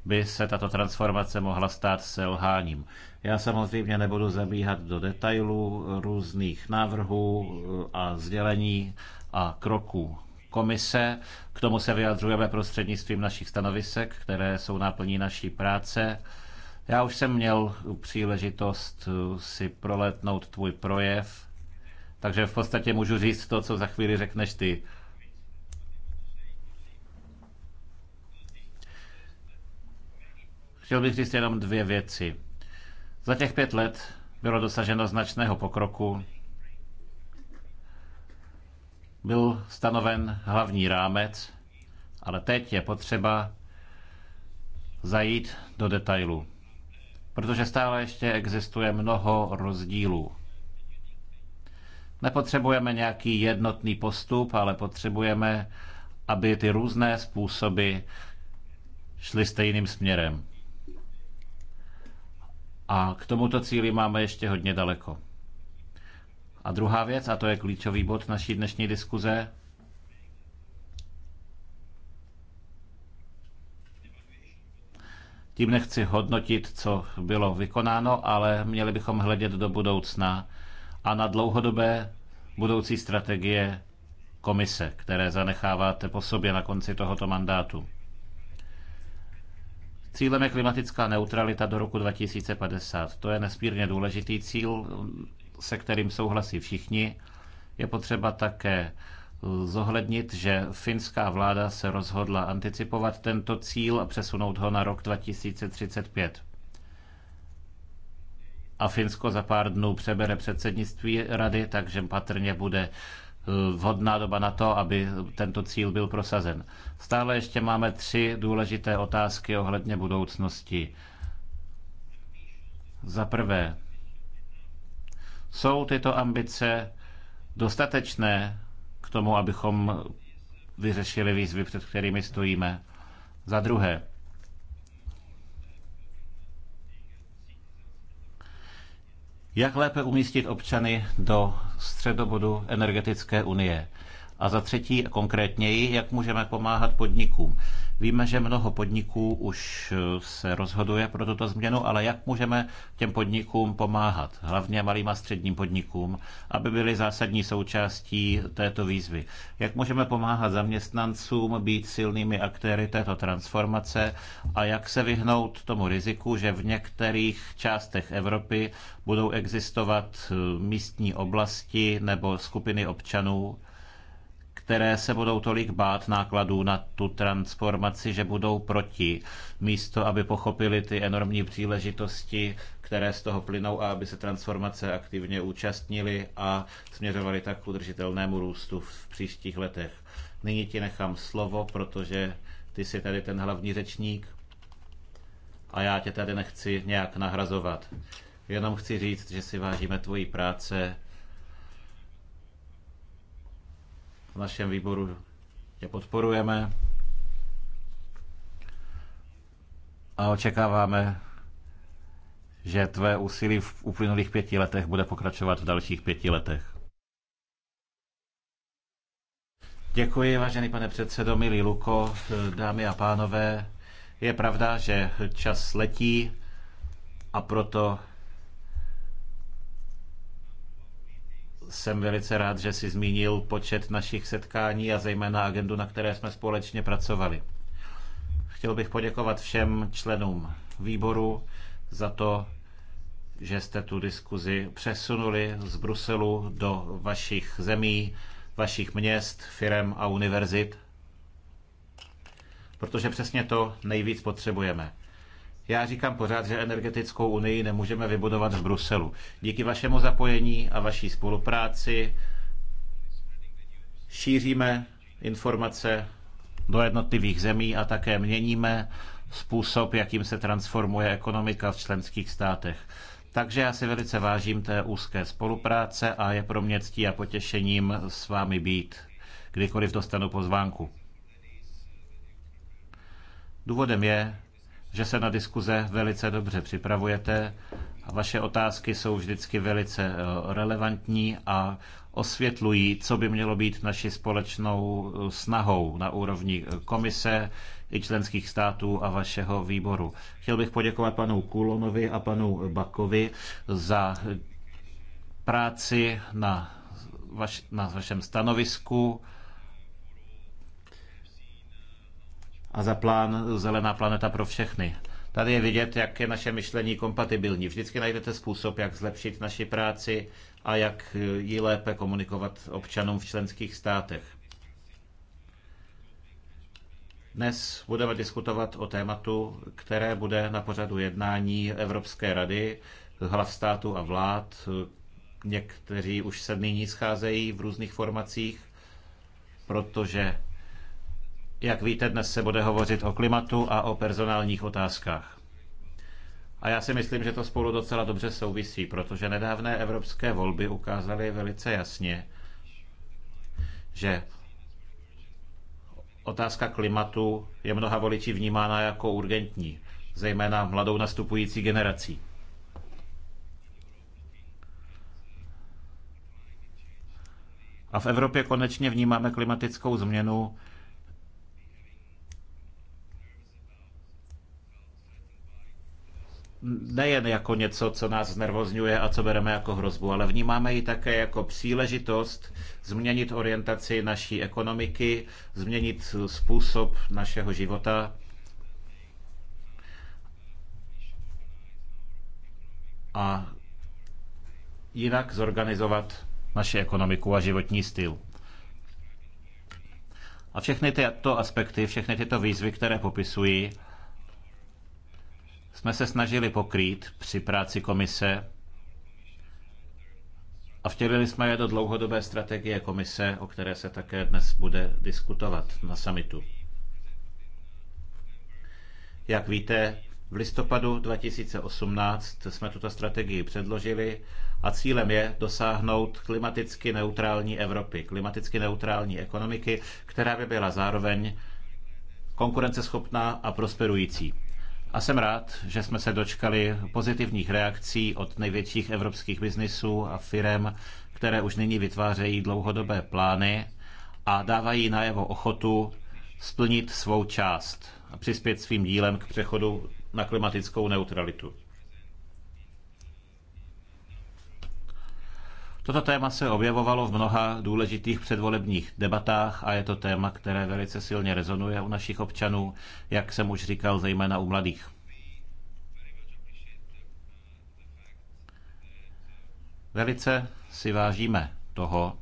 by se tato transformace mohla stát selháním. Já samozřejmě nebudu zabíhat do detailů různých návrhů eh, a sdělení a kroků komise. K tomu se vyjadřujeme prostřednictvím našich stanovisek, které jsou náplní naší práce. Já už jsem měl příležitost eh, si proletnout tvůj projev, takže v podstatě můžu říct to, co za chvíli řekneš ty. Chtěl bych říct jenom dvě věci. Za těch pět let bylo dosaženo značného pokroku. Byl stanoven hlavní rámec, ale teď je potřeba zajít do detailů, protože stále ještě existuje mnoho rozdílů. Nepotřebujeme nějaký jednotný postup, ale potřebujeme, aby ty různé způsoby šly stejným směrem. A k tomuto cíli máme ještě hodně daleko. A druhá věc, a to je klíčový bod naší dnešní diskuze, Tím nechci hodnotit, co bylo vykonáno, ale měli bychom hledět do budoucna a na dlouhodobé budoucí strategie komise, které zanecháváte po sobě na konci tohoto mandátu. Cílem je klimatická neutralita do roku 2050. To je nesmírně důležitý cíl, se kterým souhlasí všichni. Je potřeba také zohlednit, že finská vláda se rozhodla anticipovat tento cíl a přesunout ho na rok 2035. A Finsko za pár dnů přebere předsednictví rady, takže patrně bude Eh, vhodná doba na to, aby tento cíl byl prosazen. Stále ještě máme tři důležité otázky ohledně budoucnosti. Za prvé, jsou tyto ambice dostatečné k tomu, abychom vyřešili výzvy, před kterými stojíme? Za druhé, Jak lépe umístit občany do středobodu energetické unie? A za třetí, konkrétněji, jak můžeme pomáhat podnikům. Víme, že mnoho podniků už eh, se rozhoduje pro tuto změnu, ale jak můžeme těm podnikům pomáhat, hlavně malým a středním podnikům, aby byly zásadní součástí této výzvy? Jak můžeme pomáhat zaměstnancům být silnými aktéry této transformace a jak se vyhnout tomu riziku, že v některých částech Evropy budou existovat eh, místní oblasti nebo skupiny občanů, které se budou tolik bát nákladů na tu transformaci, že budou proti, místo aby pochopili ty enormní příležitosti, které z toho plynou a aby se transformace aktivně účastnili a směřovali tak k udržitelnému růstu v příštích letech. Nyní ti nechám slovo, protože ty jsi tady ten hlavní řečník a já tě tady nechci nějak nahrazovat. Jenom chci říct, že si vážíme tvoji práce v našem výboru je podporujeme a očekáváme, že tvé úsilí v uplynulých pěti letech bude pokračovat v dalších pěti letech. Děkuji, vážený pane předsedo, milý Luko, dámy a pánové. Je pravda, že čas letí a proto jsem velice rád, že si zmínil počet našich setkání a zejména agendu, na které jsme společně pracovali. Chtěl bych poděkovat všem členům výboru za to, že jste tu diskuzi přesunuli z Bruselu do vašich zemí, vašich měst, firem a univerzit, protože přesně to nejvíc potřebujeme. Já říkám pořád, že energetickou unii nemůžeme vybudovat v Bruselu. Díky vašemu zapojení a vaší spolupráci šíříme informace do jednotlivých zemí a také měníme způsob, jakým se transformuje ekonomika v členských státech. Takže já si velice vážím té úzké spolupráce a je pro mě ctí a potěšením s vámi být, kdykoliv dostanu pozvánku. Důvodem je, že se na diskuze velice dobře připravujete. Vaše otázky jsou vždycky velice eh, relevantní a osvětlují, co by mělo být naší společnou eh, snahou na úrovni eh, komise i členských států a vašeho výboru. Chtěl bych poděkovat panu Kulonovi a panu Bakovi za práci na, vaš, na vašem stanovisku a za plán Zelená planeta pro všechny. Tady je vidět, jak je naše myšlení kompatibilní. Vždycky najdete způsob, jak zlepšit naši práci a jak ji lépe komunikovat občanům v členských státech. Dnes budeme diskutovat o tématu, které bude na pořadu jednání Evropské rady, hlav státu a vlád. Někteří už se nyní scházejí v různých formacích, protože jak víte, dnes se bude hovořit o klimatu a o personálních otázkách. A já si myslím, že to spolu docela dobře souvisí, protože nedávné evropské volby ukázaly velice jasně, že otázka klimatu je mnoha voliči vnímána jako urgentní, zejména mladou nastupující generací. A v Evropě konečně vnímáme klimatickou změnu nejen jako něco, co nás znervozňuje a co bereme jako hrozbu, ale vnímáme ji také jako příležitost změnit orientaci naší ekonomiky, změnit způsob našeho života a jinak zorganizovat naši ekonomiku a životní styl. A všechny tyto aspekty, všechny tyto výzvy, které popisuji, jsme se snažili pokrýt při práci komise a vtělili jsme je do dlouhodobé strategie komise, o které se také dnes bude diskutovat na samitu. Jak víte, v listopadu 2018 jsme tuto strategii předložili a cílem je dosáhnout klimaticky neutrální Evropy, klimaticky neutrální ekonomiky, která by byla zároveň konkurenceschopná a prosperující. A jsem rád, že jsme se dočkali pozitivních reakcí od největších evropských biznisů a firm, které už nyní vytvářejí dlouhodobé plány a dávají na jeho ochotu splnit svou část a přispět svým dílem k přechodu na klimatickou neutralitu. Toto téma se objevovalo v mnoha důležitých předvolebních debatách a je to téma, které velice silně rezonuje u našich občanů, jak jsem už říkal, zejména u mladých. Velice si vážíme toho,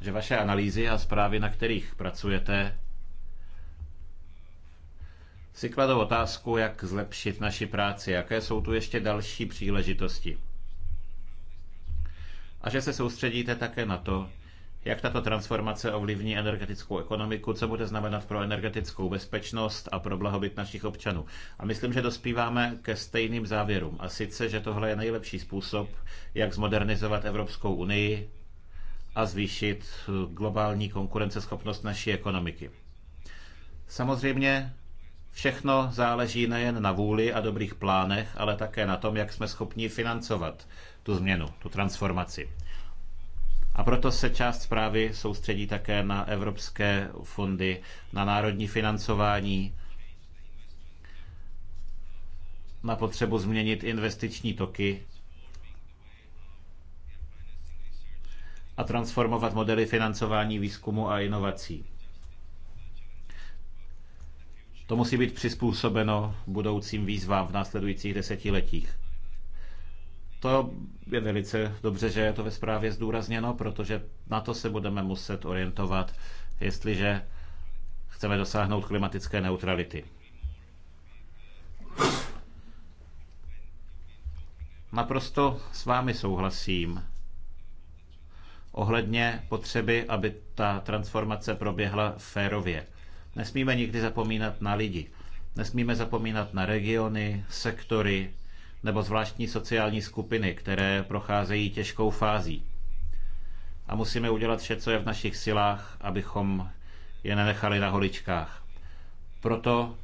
že vaše analýzy a zprávy, na kterých pracujete, si kladou otázku, jak zlepšit naši práci, jaké jsou tu ještě další příležitosti. A že se soustředíte také na to, jak tato transformace ovlivní energetickou ekonomiku, co bude znamenat pro energetickou bezpečnost a pro blahobyt našich občanů. A myslím, že dospíváme ke stejným závěrům. A sice, že tohle je nejlepší způsob, jak zmodernizovat Evropskou unii a zvýšit globální konkurenceschopnost naší ekonomiky. Samozřejmě Všechno záleží nejen na vůli a dobrých plánech, ale také na tom, jak jsme schopni financovat tu změnu, tu transformaci. A proto se část zprávy soustředí také na evropské fondy, na národní financování, na potřebu změnit investiční toky a transformovat modely financování výzkumu a inovací. To musí být přizpůsobeno budoucím výzvám v následujících desetiletích. To je velice dobře, že je to ve zprávě zdůrazněno, protože na to se budeme muset orientovat, jestliže chceme dosáhnout klimatické neutrality. Naprosto s vámi souhlasím ohledně potřeby, aby ta transformace proběhla férově. Nesmíme nikdy zapomínat na lidi. Nesmíme zapomínat na regiony, sektory nebo zvláštní sociální skupiny, které procházejí těžkou fází. A musíme udělat vše, co je v našich silách, abychom je nenechali na holičkách. Proto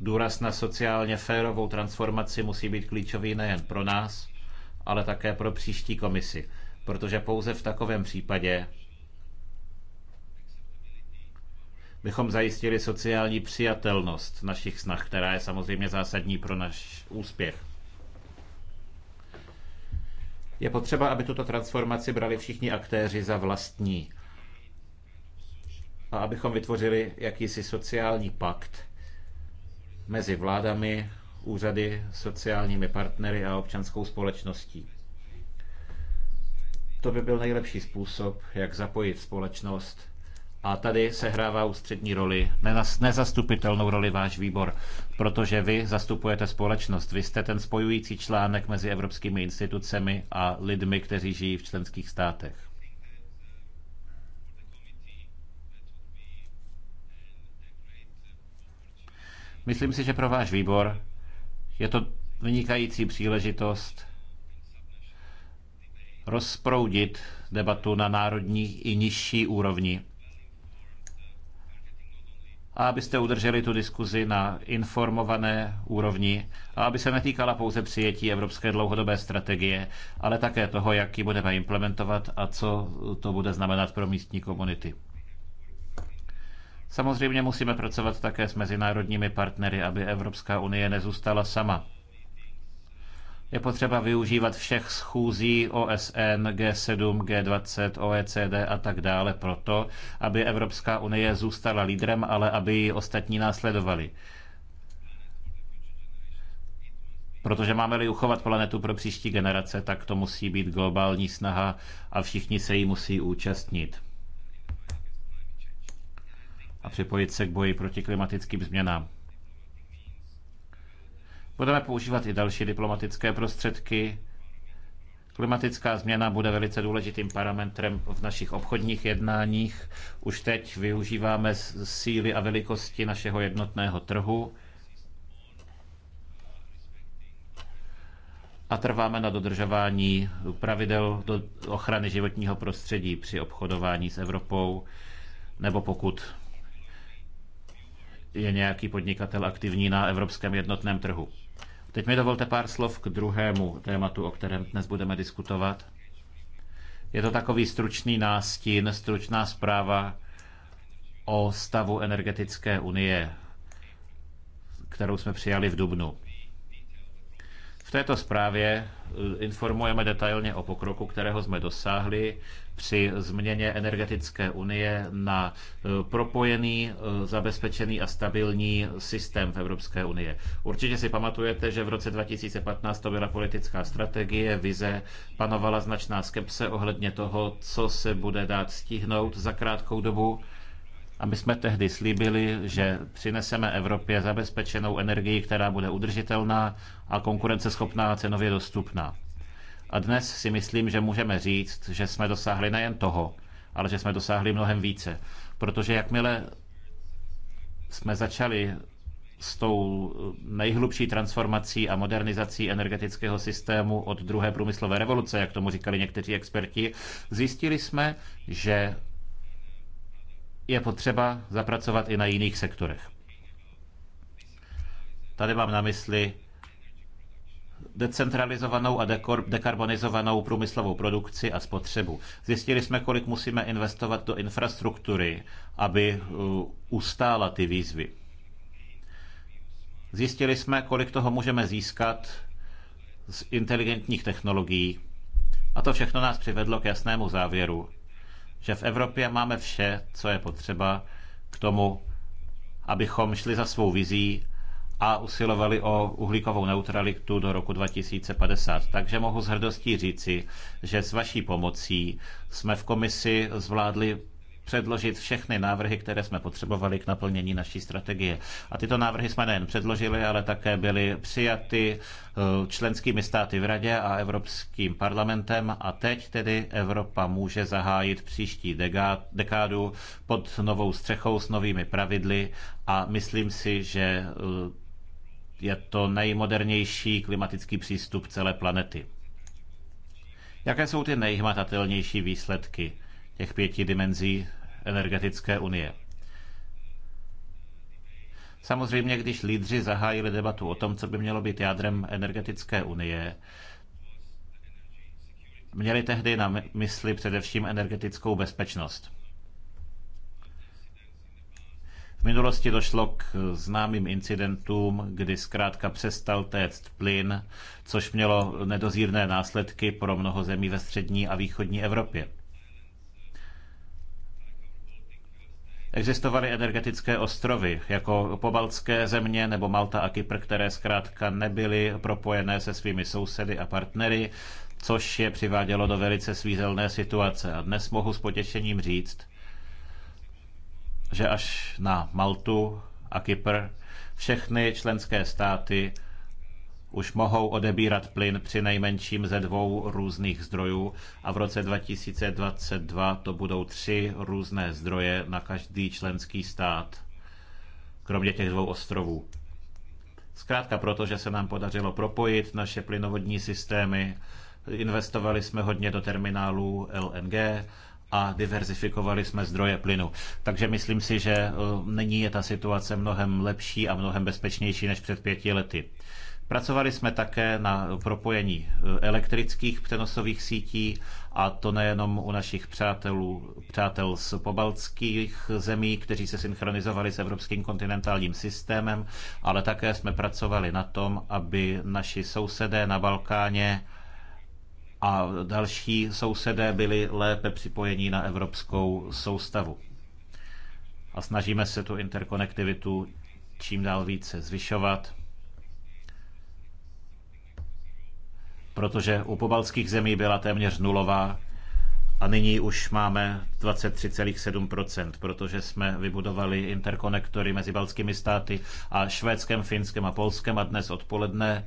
důraz na sociálně férovou transformaci musí být klíčový nejen pro nás, ale také pro příští komisi, protože pouze v takovém případě bychom zajistili sociální přijatelnost našich snah, která je samozřejmě zásadní pro náš úspěch. Je potřeba, aby tuto transformaci brali všichni aktéři za vlastní a abychom vytvořili jakýsi sociální pakt mezi vládami, úřady, sociálními partnery a občanskou společností. To by byl nejlepší způsob, jak zapojit společnost a tady se hrává ústřední roli, nezastupitelnou roli váš výbor, protože vy zastupujete společnost. Vy jste ten spojující článek mezi evropskými institucemi a lidmi, kteří žijí v členských státech. Myslím si, že pro váš výbor je to vynikající příležitost rozproudit debatu na národní i nižší úrovni a abyste udrželi tu diskuzi na informované úrovni a aby se netýkala pouze přijetí evropské dlouhodobé strategie, ale také toho, jak ji budeme implementovat a co to bude znamenat pro místní komunity. Samozřejmě musíme pracovat také s mezinárodními partnery, aby Evropská unie nezůstala sama. Je potřeba využívat všech schůzí OSN, G7, G20, OECD a tak dále proto, aby Evropská unie zůstala lídrem, ale aby ji ostatní následovali. Protože máme-li uchovat planetu pro příští generace, tak to musí být globální snaha a všichni se jí musí účastnit. A připojit se k boji proti klimatickým změnám. Budeme používat i další diplomatické prostředky. Klimatická změna bude velice důležitým parametrem v našich obchodních jednáních. Už teď využíváme síly a velikosti našeho jednotného trhu. a trváme na dodržování pravidel do ochrany životního prostředí při obchodování s Evropou, nebo pokud je nějaký podnikatel aktivní na evropském jednotném trhu. Teď mi dovolte pár slov k druhému tématu, o kterém dnes budeme diskutovat. Je to takový stručný nástin, stručná zpráva o stavu energetické unie, kterou jsme přijali v Dubnu. V této zprávě eh, informujeme detailně o pokroku, kterého jsme dosáhli při změně energetické unie na eh, propojený, eh, zabezpečený a stabilní systém v Evropské unie. Určitě si pamatujete, že v roce 2015 to byla politická strategie, vize, panovala značná skepse ohledně toho, co se bude dát stihnout za krátkou dobu a my jsme tehdy slíbili, že přineseme Evropě zabezpečenou energii, která bude udržitelná a konkurenceschopná a cenově dostupná. A dnes si myslím, že můžeme říct, že jsme dosáhli nejen toho, ale že jsme dosáhli mnohem více. Protože jakmile jsme začali s tou nejhlubší transformací a modernizací energetického systému od druhé průmyslové revoluce, jak tomu říkali někteří experti, zjistili jsme, že je potřeba zapracovat i na jiných sektorech. Tady mám na mysli decentralizovanou a dekarbonizovanou průmyslovou produkci a spotřebu. Zjistili jsme, kolik musíme investovat do infrastruktury, aby uh, ustála ty výzvy. Zjistili jsme, kolik toho můžeme získat z inteligentních technologií. A to všechno nás přivedlo k jasnému závěru, že v Evropě máme vše, co je potřeba k tomu, abychom šli za svou vizí a usilovali o uhlíkovou neutralitu do roku 2050. Takže mohu s hrdostí říci, že s vaší pomocí jsme v komisi zvládli předložit všechny návrhy, které jsme potřebovali k naplnění naší strategie. A tyto návrhy jsme nejen předložili, ale také byly přijaty eh, členskými státy v Radě a Evropským parlamentem a teď tedy Evropa může zahájit příští dekádu pod novou střechou s novými pravidly a myslím si, že eh, je to nejmodernější klimatický přístup celé planety. Jaké jsou ty nejhmatatelnější výsledky? těch pěti dimenzí energetické unie. Samozřejmě, když lídři zahájili debatu o tom, co by mělo být jádrem energetické unie, měli tehdy na mysli především energetickou bezpečnost. V minulosti došlo k známým incidentům, kdy zkrátka přestal téct plyn, což mělo nedozírné následky pro mnoho zemí ve střední a východní Evropě. Existovaly energetické ostrovy, jako pobaltské země nebo Malta a Kypr, které zkrátka nebyly propojené se svými sousedy a partnery, což je přivádělo do velice svízelné situace. A dnes mohu s potěšením říct, že až na Maltu a Kypr všechny členské státy už mohou odebírat plyn při nejmenším ze dvou různých zdrojů a v roce 2022 to budou tři různé zdroje na každý členský stát, kromě těch dvou ostrovů. Zkrátka proto, že se nám podařilo propojit naše plynovodní systémy, investovali jsme hodně do terminálů LNG a diverzifikovali jsme zdroje plynu. Takže myslím si, že e, nyní je ta situace mnohem lepší a mnohem bezpečnější než před pěti lety. Pracovali jsme také na propojení eh, elektrických přenosových sítí a to nejenom u našich přátelů, přátel z pobaltských zemí, kteří se synchronizovali s evropským kontinentálním systémem, ale také jsme pracovali na tom, aby naši sousedé na Balkáně a další sousedé byli lépe připojeni na evropskou soustavu. A snažíme se tu interkonektivitu čím dál více zvyšovat protože u pobaltských zemí byla téměř nulová a nyní už máme 23,7%, protože jsme vybudovali interkonektory mezi baltskými státy a Švédskem, Finskem a Polskem a dnes odpoledne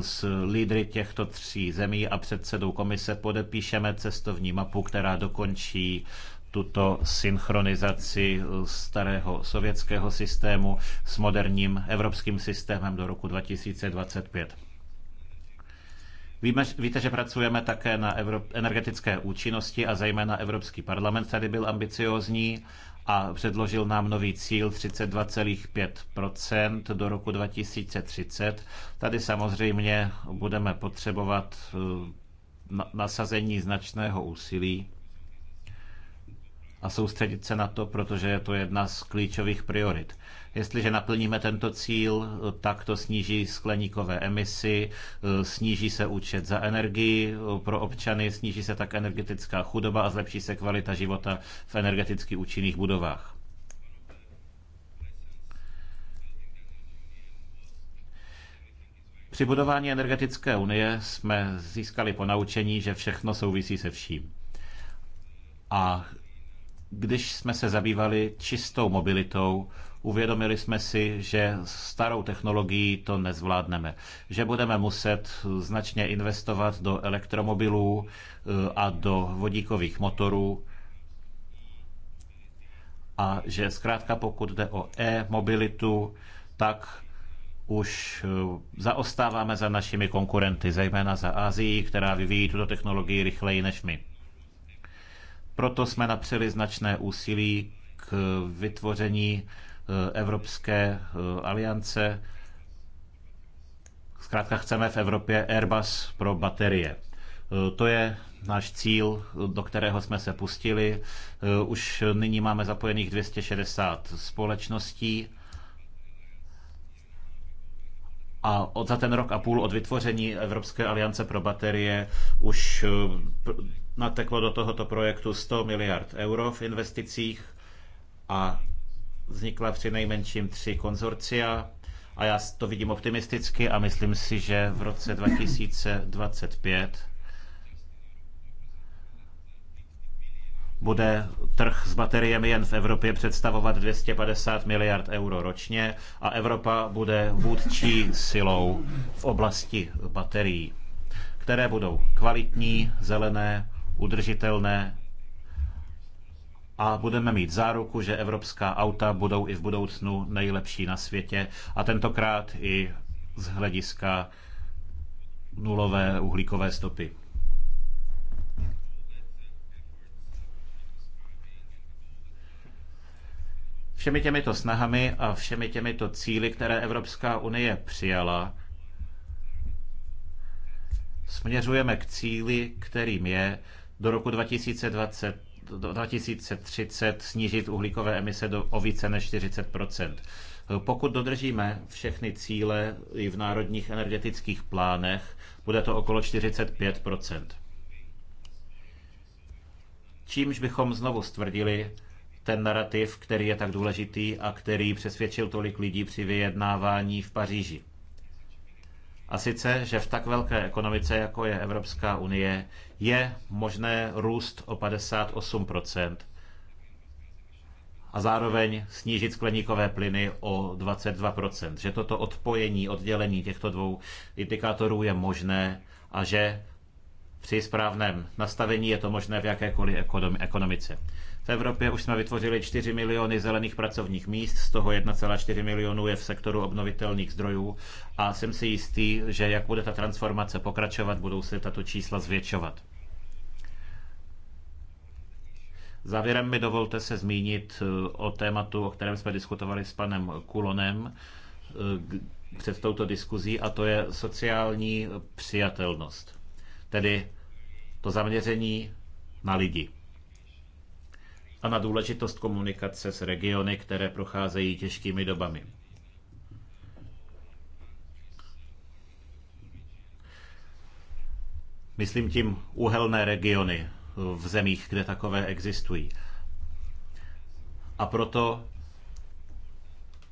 s lídry těchto tří zemí a předsedou komise podepíšeme cestovní mapu, která dokončí tuto synchronizaci starého sovětského systému s moderním evropským systémem do roku 2025. Víme, víte, že pracujeme také na Evrop, energetické účinnosti a zejména Evropský parlament tady byl ambiciozní a předložil nám nový cíl 32,5 do roku 2030. Tady samozřejmě budeme potřebovat eh, nasazení značného úsilí a soustředit se na to, protože je to jedna z klíčových priorit. Jestliže naplníme tento cíl, tak to sníží skleníkové emisy, sníží se účet za energii pro občany, sníží se tak energetická chudoba a zlepší se kvalita života v energeticky účinných budovách. Při budování energetické unie jsme získali ponaučení, že všechno souvisí se vším. A když jsme se zabývali čistou mobilitou, Uvědomili jsme si, že starou technologií to nezvládneme, že budeme muset značně investovat do elektromobilů e, a do vodíkových motorů a že zkrátka pokud jde o e-mobilitu, tak už e, zaostáváme za našimi konkurenty, zejména za Asii, která vyvíjí tuto technologii rychleji než my. Proto jsme napřeli značné úsilí k vytvoření Eh, Evropské eh, aliance. Zkrátka chceme v Evropě Airbus pro baterie. Eh, to je náš cíl, do kterého jsme se pustili. Už nyní máme zapojených 260 společností. A od, za ten rok a půl od vytvoření Evropské aliance pro baterie už nateklo do tohoto projektu 100 miliard euro v investicích a vznikla při nejmenším tři konzorcia a já to vidím optimisticky a myslím si, že v roce 2025 bude trh s bateriemi jen v Evropě představovat 250 miliard euro ročně a Evropa bude vůdčí silou v oblasti baterií, které budou kvalitní, zelené, udržitelné a budeme mít záruku, že evropská auta budou i v budoucnu nejlepší na světě a tentokrát i z hlediska nulové uhlíkové stopy. Všemi těmito snahami a všemi těmito cíly, které Evropská unie přijala, směřujeme k cíli, kterým je do roku 2020 2030 snížit uhlíkové emise do, o více než 40 Pokud dodržíme všechny cíle i v národních energetických plánech, bude to okolo 45 Čímž bychom znovu stvrdili ten narrativ, který je tak důležitý a který přesvědčil tolik lidí při vyjednávání v Paříži. A sice, že v tak velké ekonomice, jako je Evropská unie, je možné růst o 58% a zároveň snížit skleníkové plyny o 22%. Že toto odpojení, oddělení těchto dvou indikátorů je možné a že při správném nastavení je to možné v jakékoliv ekonomice. V Evropě už jsme vytvořili 4 miliony zelených pracovních míst, z toho 1,4 milionů je v sektoru obnovitelných zdrojů a jsem si jistý, že jak bude ta transformace pokračovat, budou se tato čísla zvětšovat. Závěrem mi dovolte se zmínit eh, o tématu, o kterém jsme diskutovali s panem Kulonem eh, před touto diskuzí, a to je sociální přijatelnost. Tedy to zaměření na lidi a na důležitost komunikace s regiony, které procházejí těžkými dobami. Myslím tím uhelné regiony v zemích, kde takové existují. A proto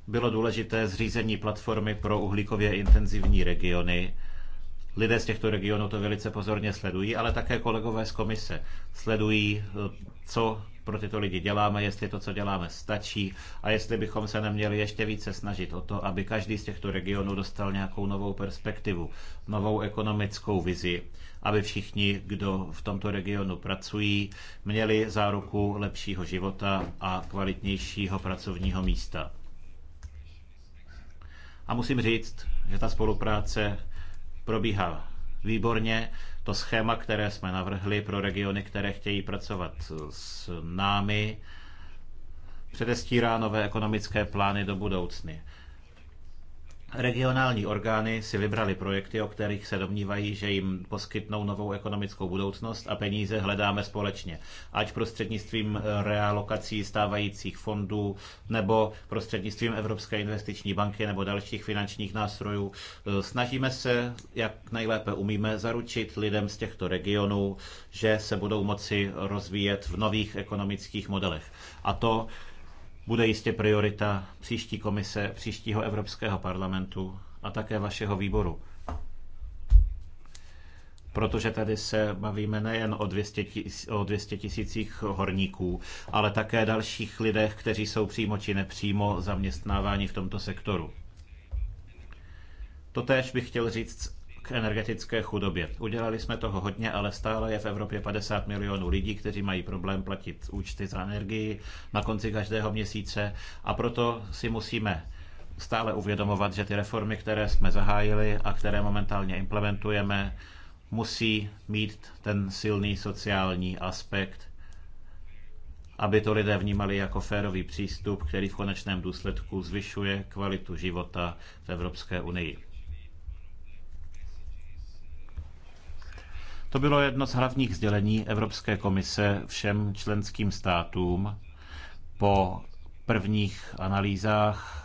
bylo důležité zřízení platformy pro uhlíkově intenzivní regiony. Lidé z těchto regionů to velice pozorně sledují, ale také kolegové z komise sledují, co pro tyto lidi děláme, jestli to, co děláme, stačí a jestli bychom se neměli ještě více snažit o to, aby každý z těchto regionů dostal nějakou novou perspektivu, novou ekonomickou vizi, aby všichni, kdo v tomto regionu pracují, měli záruku lepšího života a kvalitnějšího pracovního místa. A musím říct, že ta spolupráce probíhá výborně. To schéma, které jsme navrhli pro regiony, které chtějí pracovat s námi, předestírá nové ekonomické plány do budoucny. Regionální orgány si vybrali projekty, o kterých se domnívají, že jim poskytnou novou ekonomickou budoucnost a peníze hledáme společně. Ať prostřednictvím eh, realokací stávajících fondů, nebo prostřednictvím Evropské investiční banky nebo dalších finančních nástrojů. Eh, snažíme se, jak nejlépe umíme, zaručit lidem z těchto regionů, že se budou moci rozvíjet v nových ekonomických modelech. A to bude jistě priorita příští komise, příštího Evropského parlamentu a také vašeho výboru. Protože tady se bavíme nejen o 200, tis, o 200 tisících horníků, ale také dalších lidech, kteří jsou přímo či nepřímo zaměstnáváni v tomto sektoru. Totéž bych chtěl říct k energetické chudobě. Udělali jsme toho hodně, ale stále je v Evropě 50 milionů lidí, kteří mají problém platit účty za energii na konci každého měsíce a proto si musíme stále uvědomovat, že ty reformy, které jsme zahájili a které momentálně implementujeme, musí mít ten silný sociální aspekt, aby to lidé vnímali jako férový přístup, který v konečném důsledku zvyšuje kvalitu života v Evropské unii. To bylo jedno z hlavních sdělení Evropské komise všem členským státům po prvních analýzách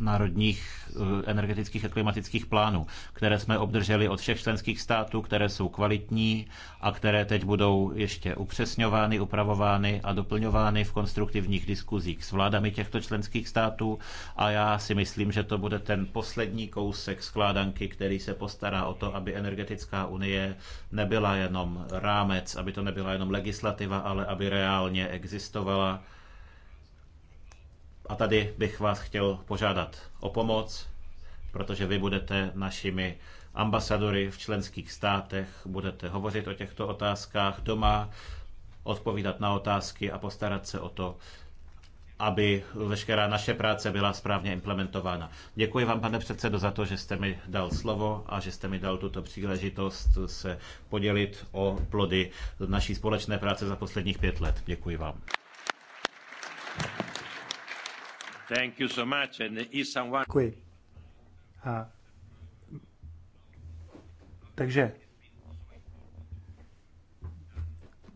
národních eh, energetických a klimatických plánů, které jsme obdrželi od všech členských států, které jsou kvalitní a které teď budou ještě upřesňovány, upravovány a doplňovány v konstruktivních diskuzích s vládami těchto členských států. A já si myslím, že to bude ten poslední kousek skládanky, který se postará o to, aby energetická unie nebyla jenom rámec, aby to nebyla jenom legislativa, ale aby reálně existovala a tady bych vás chtěl požádat o pomoc, protože vy budete našimi ambasadory v členských státech, budete hovořit o těchto otázkách doma, odpovídat na otázky a postarat se o to, aby veškerá naše práce byla správně implementována. Děkuji vám, pane předsedo, za to, že jste mi dal slovo a že jste mi dal tuto příležitost se podělit o plody naší společné práce za posledních pět let. Děkuji vám. Thank you so much. And someone... Děkuji. A... Takže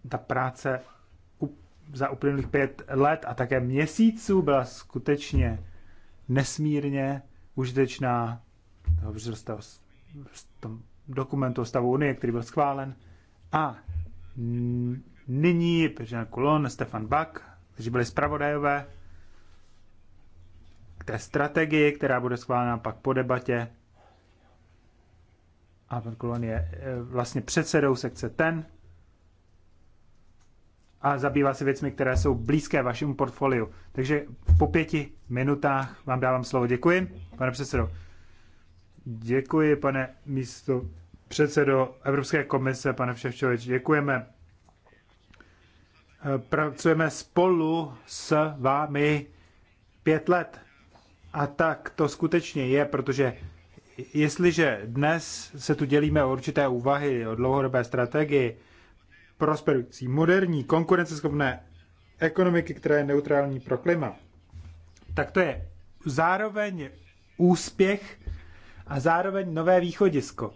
ta práce za uplynulých pět let a také měsíců byla skutečně nesmírně užitečná. Dobře, v tom dokumentu o stavu Unie, který byl schválen. A nyní Peřina Kulon, Stefan Bak, kteří byli zpravodajové, té strategii, která bude schválena pak po debatě. A pan Kulon je eh, vlastně předsedou sekce TEN a zabývá se věcmi, které jsou blízké vašemu portfoliu. Takže po pěti minutách vám dávám slovo. Děkuji, pane předsedo. Děkuji, pane místo předsedo Evropské komise, pane Vševčovič. Děkujeme. Eh, pracujeme spolu s vámi pět let a tak to skutečně je, protože jestliže dnes se tu dělíme o určité úvahy, o dlouhodobé strategii, prosperující, moderní, konkurenceschopné ekonomiky, která je neutrální pro klima, tak to je zároveň úspěch a zároveň nové východisko.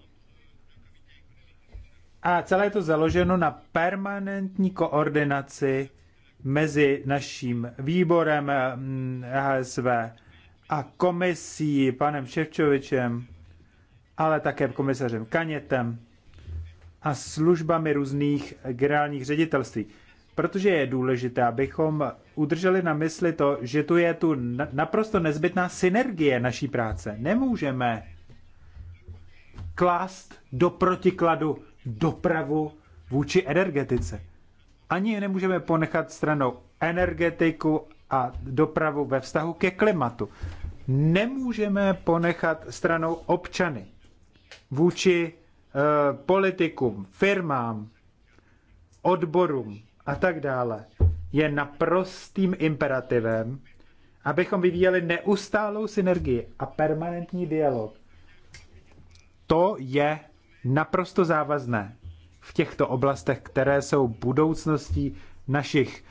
A celé je to založeno na permanentní koordinaci mezi naším výborem HSV, eh, hm, a komisí panem Ševčovičem, ale také komisařem Kanětem a službami různých generálních ředitelství. Protože je důležité, abychom udrželi na mysli to, že tu je tu naprosto nezbytná synergie naší práce. Nemůžeme klást do protikladu dopravu vůči energetice. Ani nemůžeme ponechat stranou energetiku a dopravu ve vztahu ke klimatu. Nemůžeme ponechat stranou občany vůči eh, politikům, firmám, odborům a tak dále. Je naprostým imperativem, abychom vyvíjeli neustálou synergii a permanentní dialog. To je naprosto závazné v těchto oblastech, které jsou budoucností našich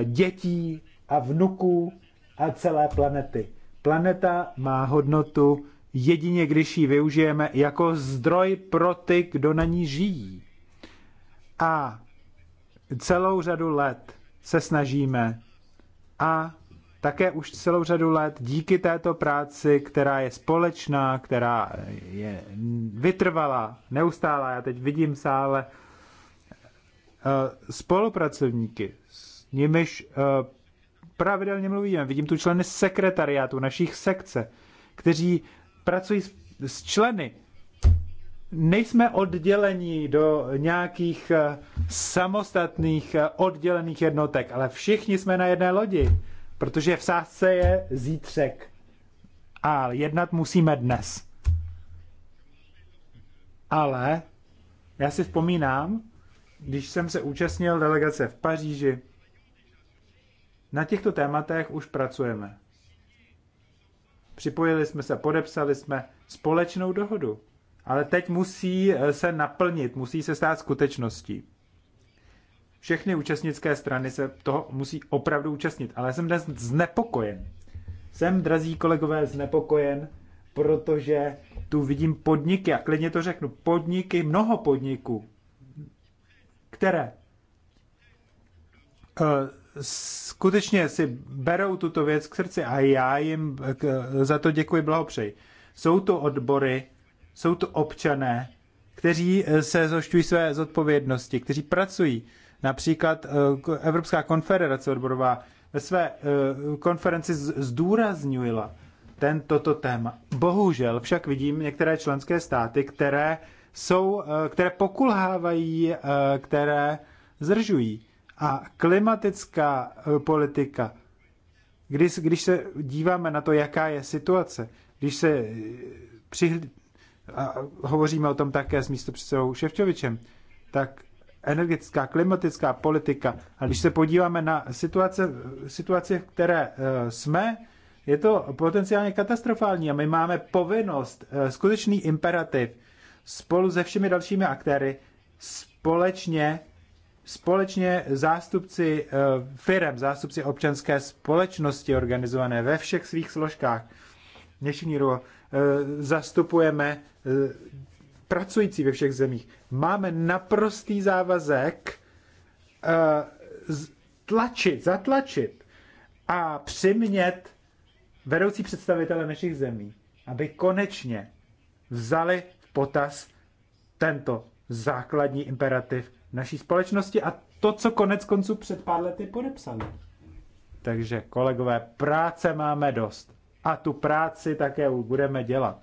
eh, dětí, a vnuků a celé planety. Planeta má hodnotu jedině, když ji využijeme jako zdroj pro ty, kdo na ní žijí. A celou řadu let se snažíme a také už celou řadu let díky této práci, která je společná, která je vytrvalá, neustálá, já teď vidím sále eh, spolupracovníky, s nimiž eh, pravidelně mluvíme. Vidím tu členy sekretariátu našich sekce, kteří pracují s, s členy. Nejsme oddělení do nějakých eh, samostatných eh, oddělených jednotek, ale všichni jsme na jedné lodi, protože v sásce je zítřek. A jednat musíme dnes. Ale já si vzpomínám, když jsem se účastnil delegace v Paříži, na těchto tématech už pracujeme. Připojili jsme se, podepsali jsme společnou dohodu. Ale teď musí eh, se naplnit, musí se stát skutečností. Všechny účastnické strany se toho musí opravdu účastnit, ale jsem dnes znepokojen. Jsem, drazí kolegové, znepokojen, protože tu vidím podniky, a klidně to řeknu, podniky, mnoho podniků, které eh, skutečně si berou tuto věc k srdci a já jim za to děkuji, blahopřeji. Jsou to odbory, jsou to občané, kteří eh, se zošťují své zodpovědnosti, kteří pracují. Například eh, Evropská konfederace odborová ve své eh, konferenci zdůraznila tento téma. Bohužel však vidím některé členské státy, které, jsou, které pokulhávají, které zržují. A klimatická eh, politika, když, když se díváme na to, jaká je situace, když se eh, přihlí, a hovoříme o tom také s místopředsedou Ševčovičem, tak energetická, klimatická politika. A když se podíváme na situace, situace v které eh, jsme, je to potenciálně katastrofální a my máme povinnost, skutečný imperativ spolu se všemi dalšími aktéry společně společně zástupci eh, firem, zástupci občanské společnosti organizované ve všech svých složkách dnešní růho, eh, zastupujeme eh, pracující ve všech zemích. Máme naprostý závazek tlačit, zatlačit a přimět vedoucí představitele našich zemí, aby konečně vzali v potaz tento základní imperativ naší společnosti a to, co konec konců před pár lety podepsali. Takže kolegové, práce máme dost a tu práci také budeme dělat.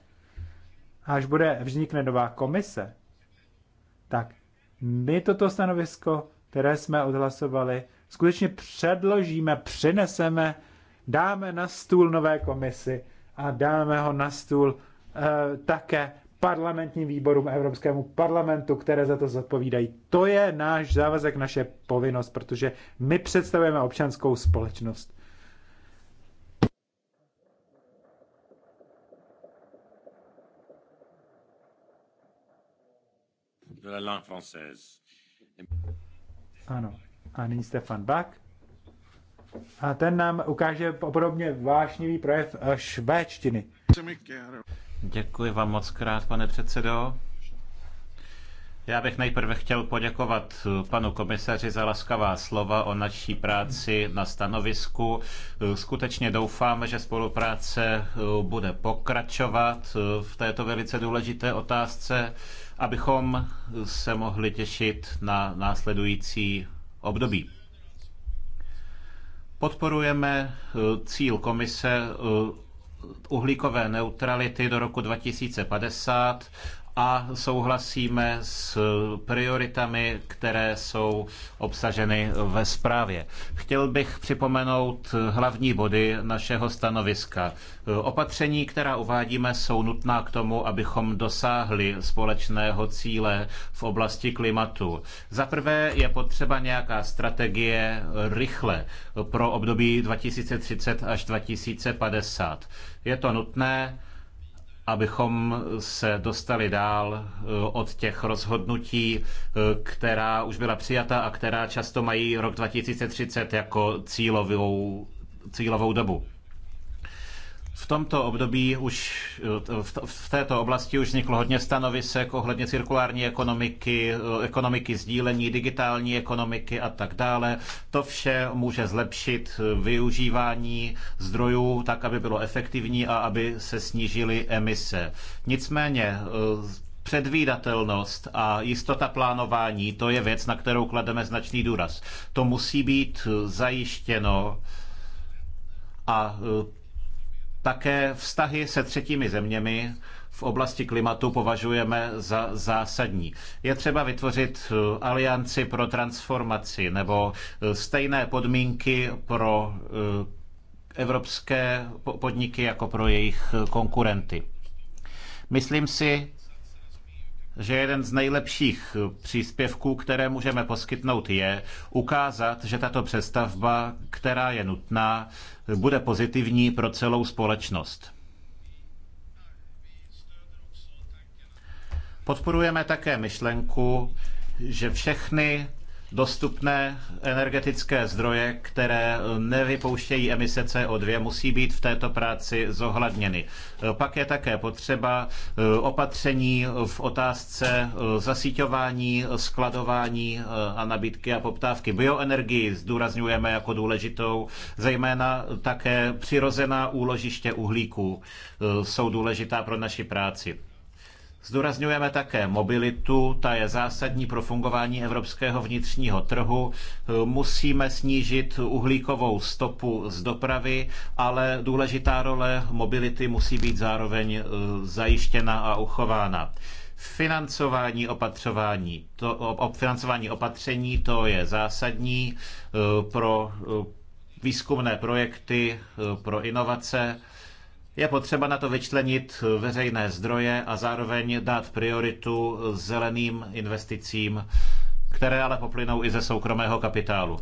Až bude vznikne nová komise, tak my toto stanovisko, které jsme odhlasovali, skutečně předložíme, přineseme, dáme na stůl nové komisi a dáme ho na stůl eh, také parlamentním výborům a Evropskému parlamentu, které za to zodpovídají. To je náš závazek, naše povinnost, protože my představujeme občanskou společnost. De la langue française. Ano. A nyní Stefan Bach. A ten nám ukáže podobně vášnivý projev eh, švédštiny. Děkuji vám moc krát, pane předsedo. Já bych nejprve chtěl poděkovat panu komisaři za laskavá slova o naší práci na stanovisku. Skutečně doufám, že spolupráce bude pokračovat v této velice důležité otázce, abychom se mohli těšit na následující období. Podporujeme cíl komise uhlíkové neutrality do roku 2050 a souhlasíme s prioritami, které jsou obsaženy ve zprávě. Chtěl bych připomenout hlavní body našeho stanoviska. Opatření, která uvádíme, jsou nutná k tomu, abychom dosáhli společného cíle v oblasti klimatu. Za prvé je potřeba nějaká strategie rychle pro období 2030 až 2050. Je to nutné, abychom se dostali dál eh, od těch rozhodnutí, eh, která už byla přijata a která často mají rok 2030 jako cílovou, cílovou dobu. V tomto období už, v této oblasti už vzniklo hodně stanovisek ohledně cirkulární ekonomiky, ekonomiky sdílení, digitální ekonomiky a tak dále. To vše může zlepšit využívání zdrojů tak, aby bylo efektivní a aby se snížily emise. Nicméně Předvídatelnost a jistota plánování, to je věc, na kterou klademe značný důraz. To musí být zajištěno a také vztahy se třetími zeměmi v oblasti klimatu považujeme za zásadní. Je třeba vytvořit eh, alianci pro transformaci nebo eh, stejné podmínky pro eh, evropské podniky jako pro jejich konkurenty. Myslím si, že jeden z nejlepších příspěvků, které můžeme poskytnout, je ukázat, že tato přestavba, která je nutná, bude pozitivní pro celou společnost. Podporujeme také myšlenku, že všechny Dostupné energetické zdroje, které eh, nevypouštějí emise CO2, musí být v této práci zohledněny. Eh, pak je také potřeba eh, opatření v otázce zasíťování, skladování a nabídky a poptávky. Bioenergii zdůrazňujeme jako důležitou, zejména také přirozená úložiště uhlíků jsou důležitá pro naši práci. Zdůrazňujeme také mobilitu, ta je zásadní pro fungování evropského vnitřního trhu. Musíme snížit uhlíkovou stopu z dopravy, ale důležitá role mobility musí být zároveň e, zajištěna a uchována financování opatřování, to, o, financování opatření, to je zásadní e, pro e, výzkumné projekty, pro inovace je potřeba na to vyčlenit veřejné zdroje a zároveň dát prioritu zeleným investicím, které ale poplynou i ze soukromého kapitálu.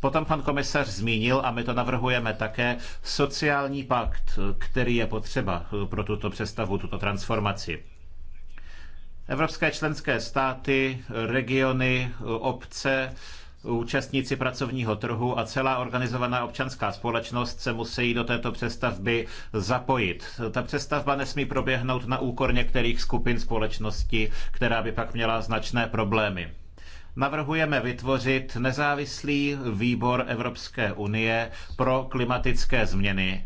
Potom pan komisař zmínil, a my to navrhujeme také, sociální pakt, který je potřeba pro tuto přestavu, tuto transformaci. Evropské členské státy, regiony, obce, účastníci pracovního trhu a celá organizovaná občanská společnost se musí do této přestavby zapojit. Ta přestavba nesmí proběhnout na úkor některých skupin společnosti, která by pak měla značné problémy. Navrhujeme vytvořit nezávislý výbor Evropské unie pro klimatické změny,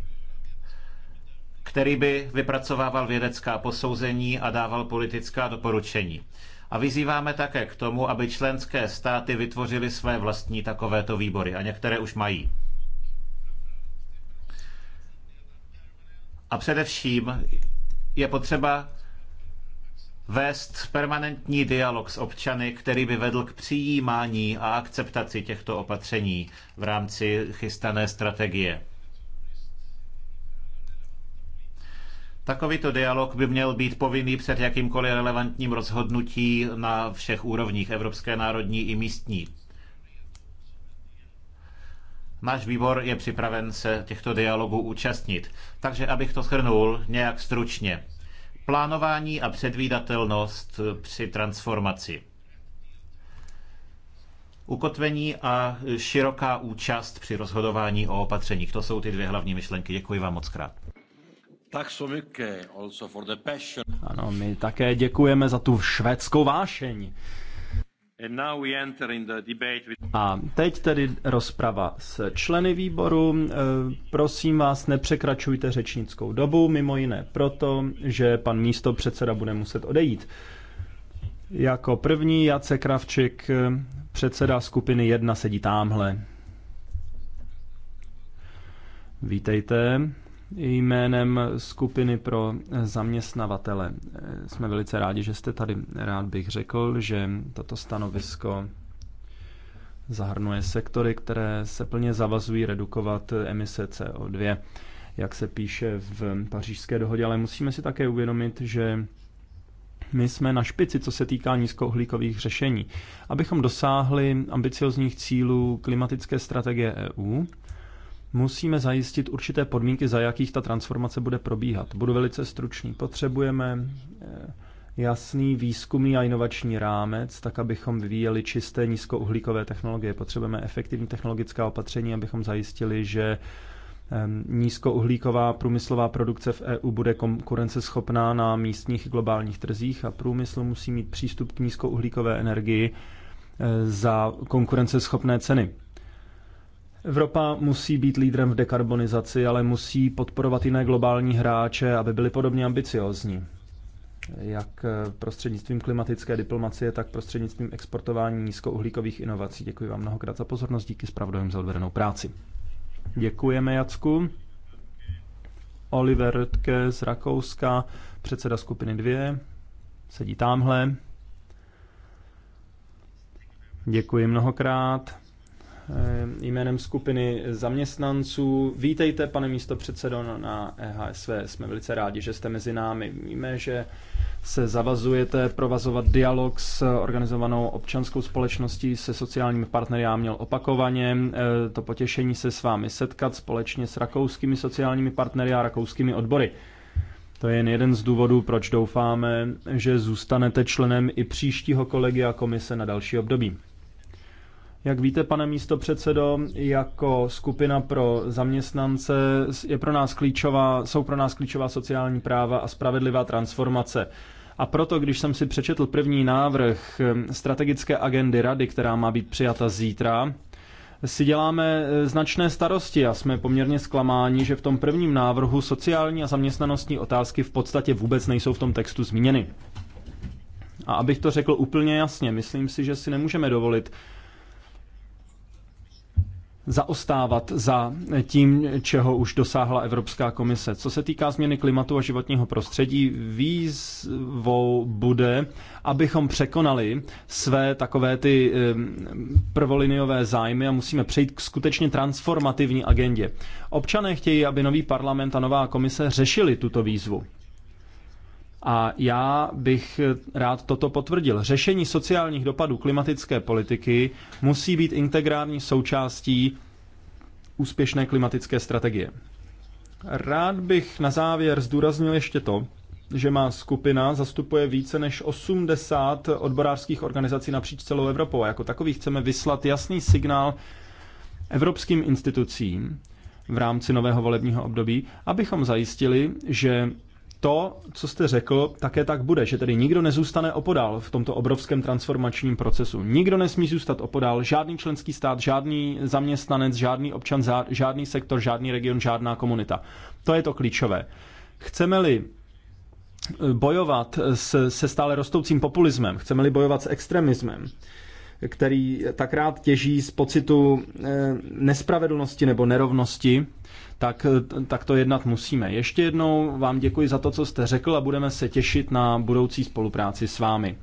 který by vypracovával vědecká posouzení a dával politická doporučení. A vyzýváme také k tomu, aby členské státy vytvořily své vlastní takovéto výbory. A některé už mají. A především je potřeba vést permanentní dialog s občany, který by vedl k přijímání a akceptaci těchto opatření v rámci chystané strategie. Takovýto dialog by měl být povinný před jakýmkoliv relevantním rozhodnutí na všech úrovních, evropské, národní i místní. Náš výbor je připraven se těchto dialogů účastnit. Takže abych to shrnul nějak stručně. Plánování a předvídatelnost při transformaci. Ukotvení a široká účast při rozhodování o opatřeních. To jsou ty dvě hlavní myšlenky. Děkuji vám moc krát. Ano, my také děkujeme za tu švédskou vášeň. A teď tedy rozprava s členy výboru. E, prosím vás, nepřekračujte řečnickou dobu, mimo jiné proto, že pan místo předseda bude muset odejít. Jako první Jace Kravčik, e, předseda skupiny 1, sedí tamhle. Vítejte jménem skupiny pro zaměstnavatele. Jsme velice rádi, že jste tady. Rád bych řekl, že toto stanovisko zahrnuje sektory, které se plně zavazují redukovat emise CO2, jak se píše v pařížské dohodě, ale musíme si také uvědomit, že my jsme na špici, co se týká nízkouhlíkových řešení. Abychom dosáhli ambiciozních cílů klimatické strategie EU, Musíme zajistit určité podmínky, za jakých ta transformace bude probíhat. Budu velice stručný. Potřebujeme eh, jasný výzkumný a inovační rámec, tak abychom vyvíjeli čisté nízkouhlíkové technologie. Potřebujeme efektivní technologická opatření, abychom zajistili, že eh, nízkouhlíková průmyslová produkce v EU bude konkurenceschopná na místních i globálních trzích a průmysl musí mít přístup k nízkouhlíkové energii eh, za konkurenceschopné ceny. Evropa musí být lídrem v dekarbonizaci, ale musí podporovat jiné globální hráče, aby byli podobně ambiciozní. Jak eh, prostřednictvím klimatické diplomacie, tak prostřednictvím exportování nízkouhlíkových inovací. Děkuji vám mnohokrát za pozornost, díky spravdovým za odvedenou práci. Děkujeme, Jacku. Oliver Rötke z Rakouska, předseda skupiny 2, sedí tamhle. Děkuji mnohokrát. Eh, jménem skupiny zaměstnanců. Vítejte, pane místo předsedo na EHSV. Jsme velice rádi, že jste mezi námi. Víme, že se zavazujete provazovat dialog s organizovanou občanskou společností, se sociálními partnery. Já měl opakovaně eh, to potěšení se s vámi setkat společně s rakouskými sociálními partnery a rakouskými odbory. To je jen jeden z důvodů, proč doufáme, že zůstanete členem i příštího kolegia komise na další období. Jak víte, pane místo předsedo, jako skupina pro zaměstnance je pro nás klíčová, jsou pro nás klíčová sociální práva a spravedlivá transformace. A proto, když jsem si přečetl první návrh hm, strategické agendy rady, která má být přijata zítra, si děláme hm, značné starosti a jsme poměrně zklamáni, že v tom prvním návrhu sociální a zaměstnanostní otázky v podstatě vůbec nejsou v tom textu zmíněny. A abych to řekl úplně jasně, myslím si, že si nemůžeme dovolit zaostávat za tím, čeho už dosáhla Evropská komise. Co se týká změny klimatu a životního prostředí, výzvou bude, abychom překonali své takové ty prvoliniové zájmy a musíme přejít k skutečně transformativní agendě. Občané chtějí, aby nový parlament a nová komise řešili tuto výzvu. A já bych rád toto potvrdil. Řešení sociálních dopadů klimatické politiky musí být integrální součástí úspěšné klimatické strategie. Rád bych na závěr zdůraznil ještě to, že má skupina zastupuje více než 80 odborářských organizací napříč celou Evropou a jako takový chceme vyslat jasný signál evropským institucím v rámci nového volebního období, abychom zajistili, že to, co jste řekl, také tak bude, že tedy nikdo nezůstane opodál v tomto obrovském transformačním procesu. Nikdo nesmí zůstat opodál, žádný členský stát, žádný zaměstnanec, žádný občan, žádný sektor, žádný region, žádná komunita. To je to klíčové. Chceme-li eh, bojovat se stále rostoucím populismem, chceme-li bojovat s extremismem, který tak rád těží z pocitu eh, nespravedlnosti nebo nerovnosti, tak, eh, tak to jednat musíme. Ještě jednou vám děkuji za to, co jste řekl a budeme se těšit na budoucí spolupráci s vámi.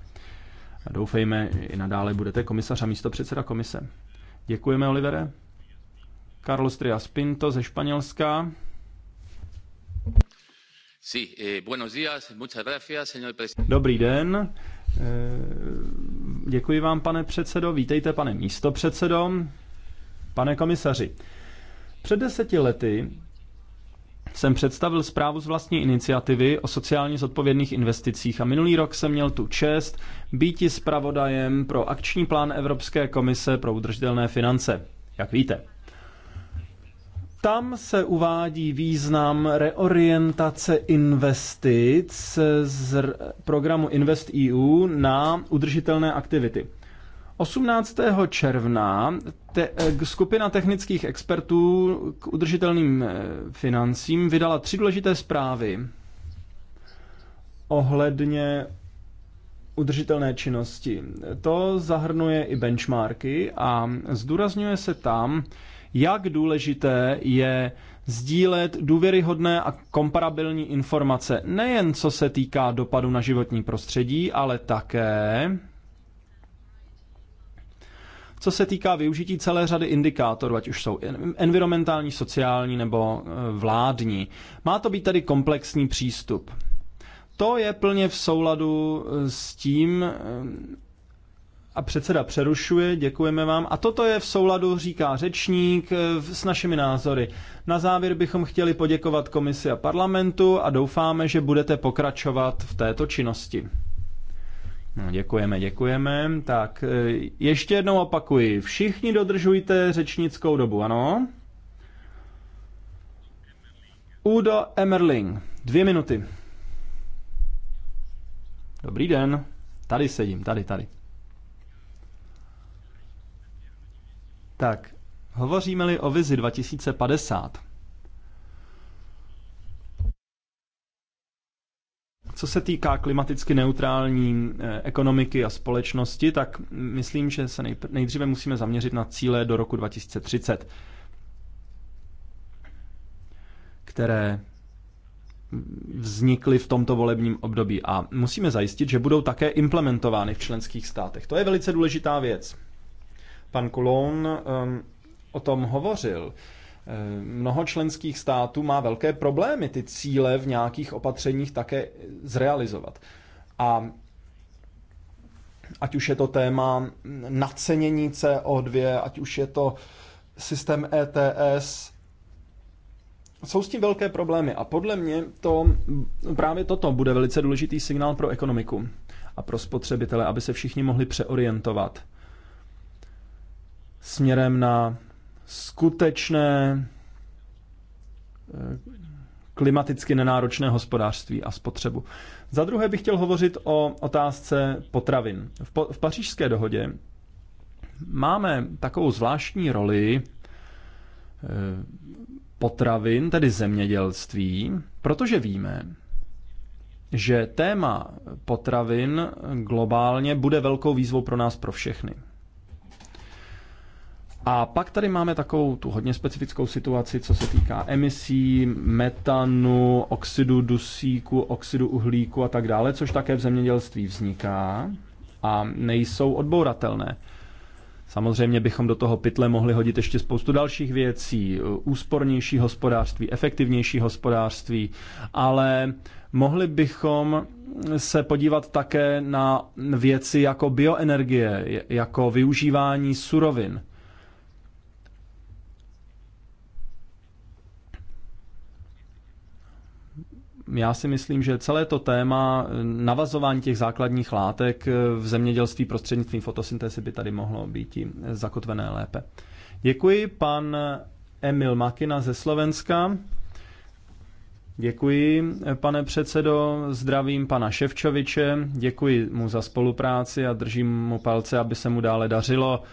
Doufejme, i nadále budete komisař a místo předseda komise. Děkujeme, Olivere. Carlos Trias Pinto ze Španělska. Eh, Dobrý den. Eh, děkuji vám, pane předsedo. Vítejte, pane místo předsedo. Pane komisaři, před deseti lety jsem představil zprávu z vlastní iniciativy o sociálně zodpovědných investicích a minulý rok jsem měl tu čest býti zpravodajem pro akční plán Evropské komise pro udržitelné finance. Jak víte, tam se uvádí význam reorientace investic z programu InvestEU na udržitelné aktivity. 18. června te, eh, skupina technických expertů k udržitelným eh, financím vydala tři důležité zprávy ohledně udržitelné činnosti. To zahrnuje i benchmarky a zdůrazňuje se tam, jak důležité je sdílet důvěryhodné a komparabilní informace, nejen co se týká dopadu na životní prostředí, ale také co se týká využití celé řady indikátorů, ať už jsou environmentální, sociální nebo e, vládní. Má to být tedy komplexní přístup. To je plně v souladu e, s tím, e, a předseda přerušuje, děkujeme vám. A toto je v souladu, říká řečník, s našimi názory. Na závěr bychom chtěli poděkovat komisi a parlamentu a doufáme, že budete pokračovat v této činnosti. No, děkujeme, děkujeme. Tak e, ještě jednou opakuji. Všichni dodržujte řečnickou dobu, ano? Udo Emerling, dvě minuty. Dobrý den. Tady sedím, tady, tady. Tak, hovoříme-li o vizi 2050, Co se týká klimaticky neutrální eh, ekonomiky a společnosti, tak myslím, že se nejdříve musíme zaměřit na cíle do roku 2030, které vznikly v tomto volebním období a musíme zajistit, že budou také implementovány v členských státech. To je velice důležitá věc. Pan Coulon um, ehm, o tom hovořil. Eh, mnoho členských států má velké problémy ty cíle v nějakých opatřeních také zrealizovat. A ať už je to téma nacenění CO2, ať už je to systém ETS, jsou s tím velké problémy a podle mě to právě toto bude velice důležitý signál pro ekonomiku a pro spotřebitele, aby se všichni mohli přeorientovat směrem na skutečné eh, klimaticky nenáročné hospodářství a spotřebu. Za druhé bych chtěl hovořit o otázce potravin. V, po, v pařížské dohodě máme takovou zvláštní roli eh, potravin, tedy zemědělství, protože víme, že téma potravin globálně bude velkou výzvou pro nás, pro všechny. A pak tady máme takovou tu hodně specifickou situaci, co se týká emisí, metanu, oxidu dusíku, oxidu uhlíku a tak dále, což také v zemědělství vzniká a nejsou odbouratelné. Samozřejmě bychom do toho pytle mohli hodit ještě spoustu dalších věcí, úspornější hospodářství, efektivnější hospodářství, ale mohli bychom se podívat také na věci jako bioenergie, jako využívání surovin. Já si myslím, že celé to téma eh, navazování těch základních látek eh, v zemědělství prostřednictvím fotosyntézy by tady mohlo být eh, zakotvené lépe. Děkuji, pan Emil Makina ze Slovenska. Děkuji, pane předsedo, zdravím pana Ševčoviče, děkuji mu za spolupráci a držím mu palce, aby se mu dále dařilo,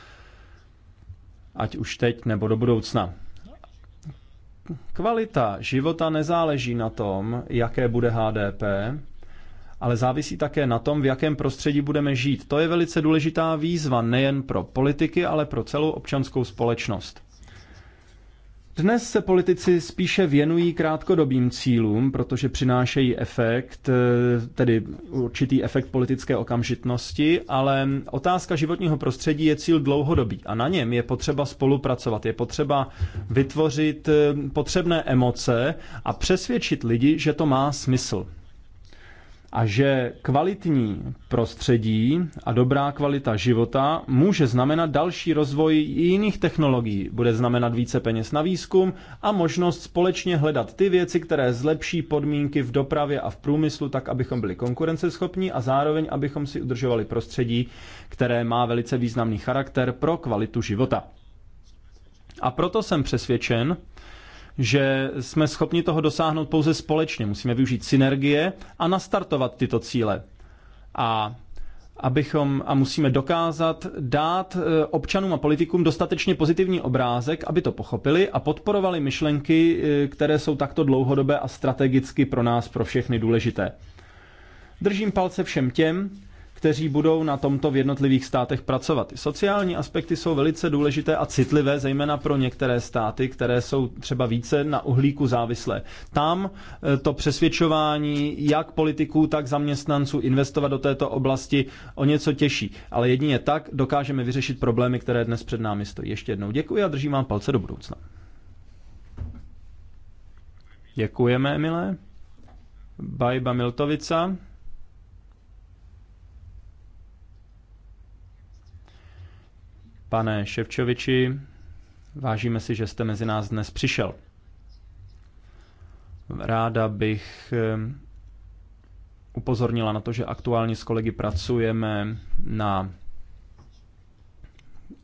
ať už teď nebo do budoucna. Kvalita života nezáleží na tom, jaké bude HDP, ale závisí také na tom, v jakém prostředí budeme žít. To je velice důležitá výzva nejen pro politiky, ale pro celou občanskou společnost. Dnes se politici spíše věnují krátkodobým cílům, protože přinášejí efekt, eh, tedy určitý efekt politické okamžitnosti, ale otázka životního prostředí je cíl dlouhodobý a na něm je potřeba spolupracovat, je potřeba vytvořit eh, potřebné emoce a přesvědčit lidi, že to má smysl a že kvalitní prostředí a dobrá kvalita života může znamenat další rozvoj jiných technologií. Bude znamenat více peněz na výzkum a možnost společně hledat ty věci, které zlepší podmínky v dopravě a v průmyslu, tak abychom byli konkurenceschopní a zároveň abychom si udržovali prostředí, které má velice významný charakter pro kvalitu života. A proto jsem přesvědčen, že jsme schopni toho dosáhnout pouze společně. Musíme využít synergie a nastartovat tyto cíle. A abychom a musíme dokázat dát e, občanům a politikům dostatečně pozitivní obrázek, aby to pochopili a podporovali myšlenky, e, které jsou takto dlouhodobé a strategicky pro nás, pro všechny důležité. Držím palce všem těm, kteří budou na tomto v jednotlivých státech pracovat. Sociální aspekty jsou velice důležité a citlivé, zejména pro některé státy, které jsou třeba více na uhlíku závislé. Tam eh, to přesvědčování jak politiků, tak zaměstnanců investovat do této oblasti o něco těžší. Ale jedině tak dokážeme vyřešit problémy, které dnes před námi stojí. Ještě jednou děkuji a držím vám palce do budoucna. Děkujeme, Emile. Bajba Miltovica. Pane Ševčoviči, vážíme si, že jste mezi nás dnes přišel. Ráda bych eh, upozornila na to, že aktuálně s kolegy pracujeme na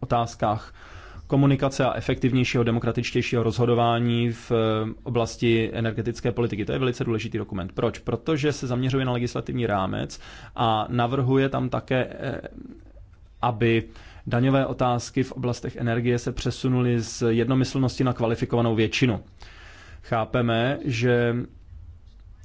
otázkách komunikace a efektivnějšího, demokratičtějšího rozhodování v eh, oblasti energetické politiky. To je velice důležitý dokument. Proč? Protože se zaměřuje na legislativní rámec a navrhuje tam také, eh, aby daňové otázky v oblastech energie se přesunuly z jednomyslnosti na kvalifikovanou většinu. Chápeme, že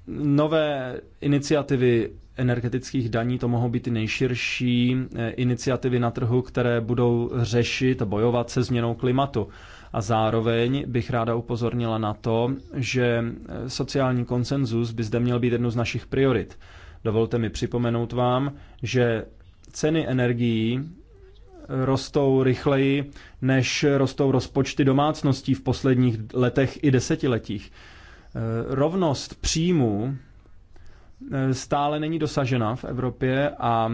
nové iniciativy energetických daní, to mohou být i nejširší eh, iniciativy na trhu, které budou řešit a bojovat se změnou klimatu. A zároveň bych ráda upozornila na to, že eh, sociální konsenzus by zde měl být jednou z našich priorit. Dovolte mi připomenout vám, že ceny energií rostou rychleji, než rostou rozpočty domácností v posledních letech i desetiletích. E, rovnost příjmů e, stále není dosažena v Evropě a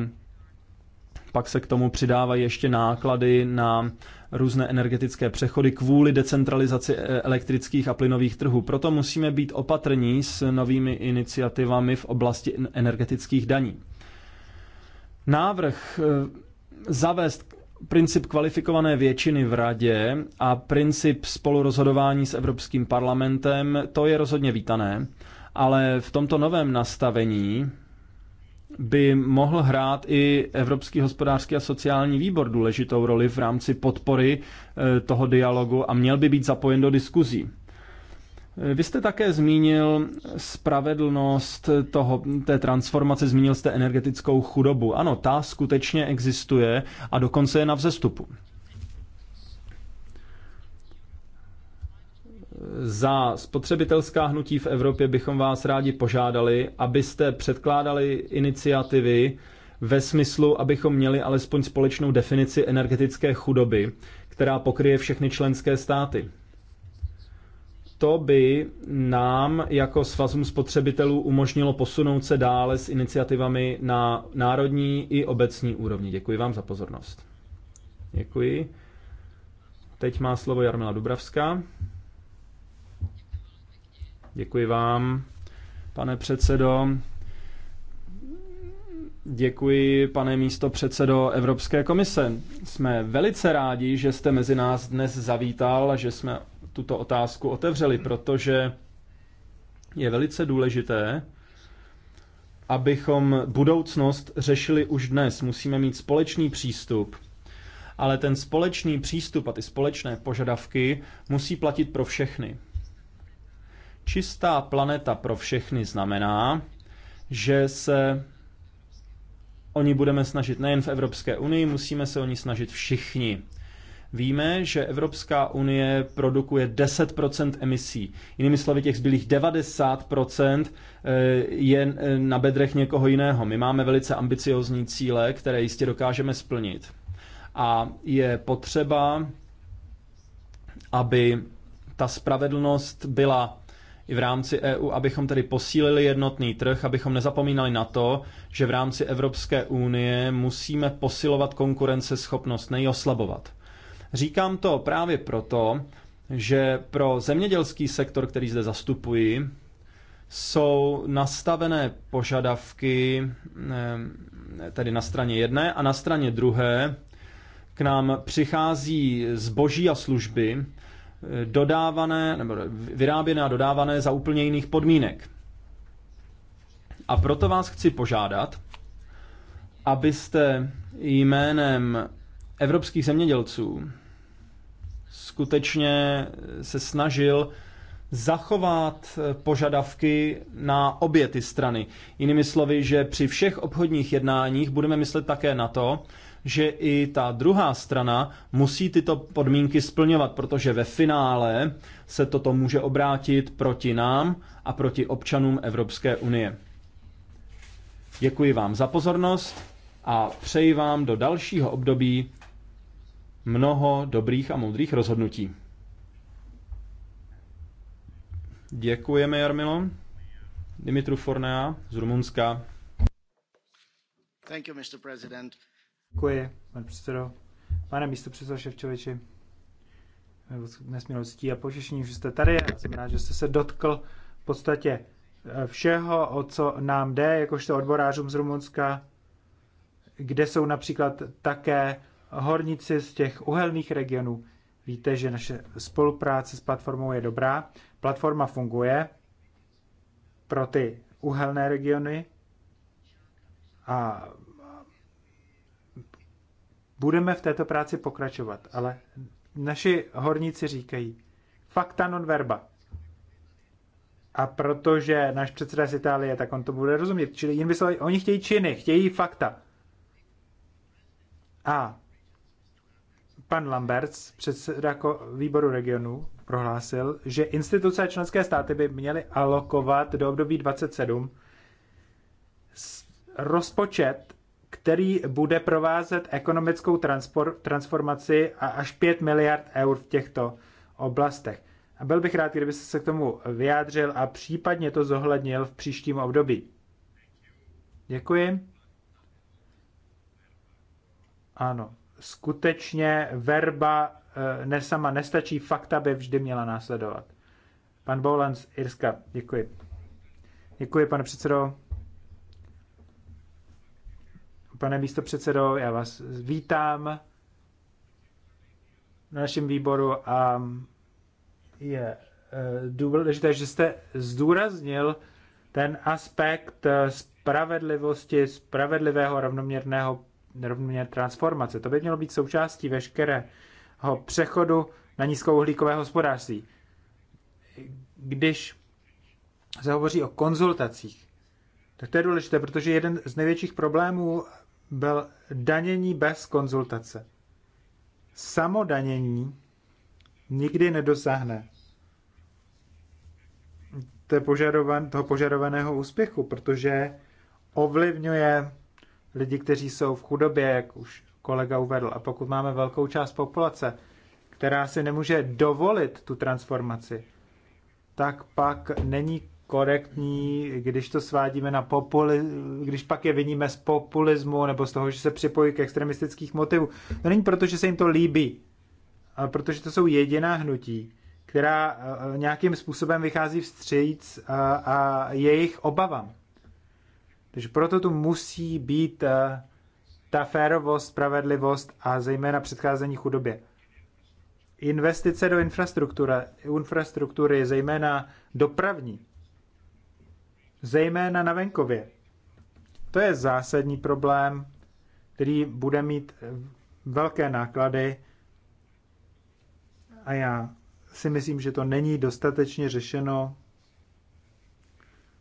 pak se k tomu přidávají ještě náklady na různé energetické přechody kvůli decentralizaci e, elektrických a plynových trhů. Proto musíme být opatrní s novými iniciativami v oblasti energetických daní. Návrh zavést princip kvalifikované většiny v radě a princip spolurozhodování s Evropským parlamentem, to je rozhodně vítané, ale v tomto novém nastavení by mohl hrát i Evropský hospodářský a sociální výbor důležitou roli v rámci podpory eh, toho dialogu a měl by být zapojen do diskuzí. Vy jste také zmínil spravedlnost toho, té transformace, zmínil jste energetickou chudobu. Ano, ta skutečně existuje a dokonce je na vzestupu. Za spotřebitelská hnutí v Evropě bychom vás rádi požádali, abyste předkládali iniciativy ve smyslu, abychom měli alespoň společnou definici energetické chudoby, která pokryje všechny členské státy to by nám jako svazům spotřebitelů umožnilo posunout se dále s iniciativami na národní i obecní úrovni. Děkuji vám za pozornost. Děkuji. Teď má slovo Jarmila Dubravská. Děkuji vám, pane předsedo. Děkuji, pane místo předsedo Evropské komise. Jsme velice rádi, že jste mezi nás dnes zavítal, že jsme tuto otázku otevřeli, protože je velice důležité, abychom budoucnost řešili už dnes. Musíme mít společný přístup, ale ten společný přístup a ty společné požadavky musí platit pro všechny. Čistá planeta pro všechny znamená, že se o ní budeme snažit nejen v Evropské unii, musíme se o ní snažit všichni. Víme, že Evropská unie produkuje 10% emisí. Jinými slovy, těch zbylých 90% eh, je eh, na bedrech někoho jiného. My máme velice ambiciozní cíle, které jistě dokážeme splnit. A je potřeba, aby ta spravedlnost byla i v rámci EU, abychom tedy posílili jednotný trh, abychom nezapomínali na to, že v rámci Evropské unie musíme posilovat konkurenceschopnost, neji oslabovat. Říkám to právě proto, že pro zemědělský sektor, který zde zastupuji, jsou nastavené požadavky eh, tedy na straně jedné a na straně druhé k nám přichází zboží a služby eh, dodávané, nebo vyráběné a dodávané za úplně jiných podmínek. A proto vás chci požádat, abyste jménem evropských zemědělců skutečně se snažil zachovat eh, požadavky na obě ty strany. Jinými slovy, že při všech obchodních jednáních budeme myslet také na to, že i ta druhá strana musí tyto podmínky splňovat, protože ve finále se toto může obrátit proti nám a proti občanům Evropské unie. Děkuji vám za pozornost a přeji vám do dalšího období mnoho dobrých a moudrých rozhodnutí. Děkujeme, Jarmilo. Dimitru Fornea z Rumunska. Thank you, Mr. President. Děkuji, pane předsedo. Pane místo předsedo Ševčoviči, nesmírnou ctí a potěšení, že jste tady. Já jsem rád, že jste se dotkl v podstatě eh, všeho, o co nám jde, jakožto odborářům z Rumunska, kde jsou například také horníci z těch uhelných regionů. Víte, že naše spolupráce s platformou je dobrá. Platforma funguje pro ty uhelné regiony a budeme v této práci pokračovat, ale naši horníci říkají fakta, non verba. A protože náš předseda z Itálie, tak on to bude rozumět. Čili jim vysloví, oni chtějí činy, chtějí fakta. A pan Lamberts, předseda výboru regionu, prohlásil, že instituce a členské státy by měly alokovat do období 27 rozpočet, který bude provázet ekonomickou transformaci a až 5 miliard eur v těchto oblastech. A byl bych rád, kdyby se k tomu vyjádřil a případně to zohlednil v příštím období. Děkuji. Ano skutečně verba eh, ne sama nestačí, fakta by vždy měla následovat. Pan Boulans, Irska, děkuji. Děkuji, pane předsedo. Pane předsedo, já vás vítám na našem výboru a je eh, důležité, že jste zdůraznil ten aspekt eh, spravedlivosti, spravedlivého rovnoměrného rovnoměr transformace. To by mělo být součástí veškerého přechodu na nízkouhlíkové hospodářství. Když se hovoří o konzultacích, tak to je důležité, protože jeden z největších problémů byl danění bez konzultace. Samodanění nikdy nedosáhne toho požadovaného úspěchu, protože ovlivňuje lidi, kteří jsou v chudobě, jak už kolega uvedl. A pokud máme velkou část populace, která si nemůže dovolit tu transformaci, tak pak není korektní, když to svádíme na populi, když pak je viníme z populismu nebo z toho, že se připojí k extremistických motivů. To není proto, že se jim to líbí, ale protože to jsou jediná hnutí, která eh, nějakým způsobem vychází vstříc a, eh, a jejich obavám. Takže proto tu musí být eh, ta férovost, spravedlivost a zejména předcházení chudobě. Investice do infrastruktury, infrastruktury zejména dopravní, zejména na venkově. To je zásadní problém, který bude mít eh, velké náklady a já si myslím, že to není dostatečně řešeno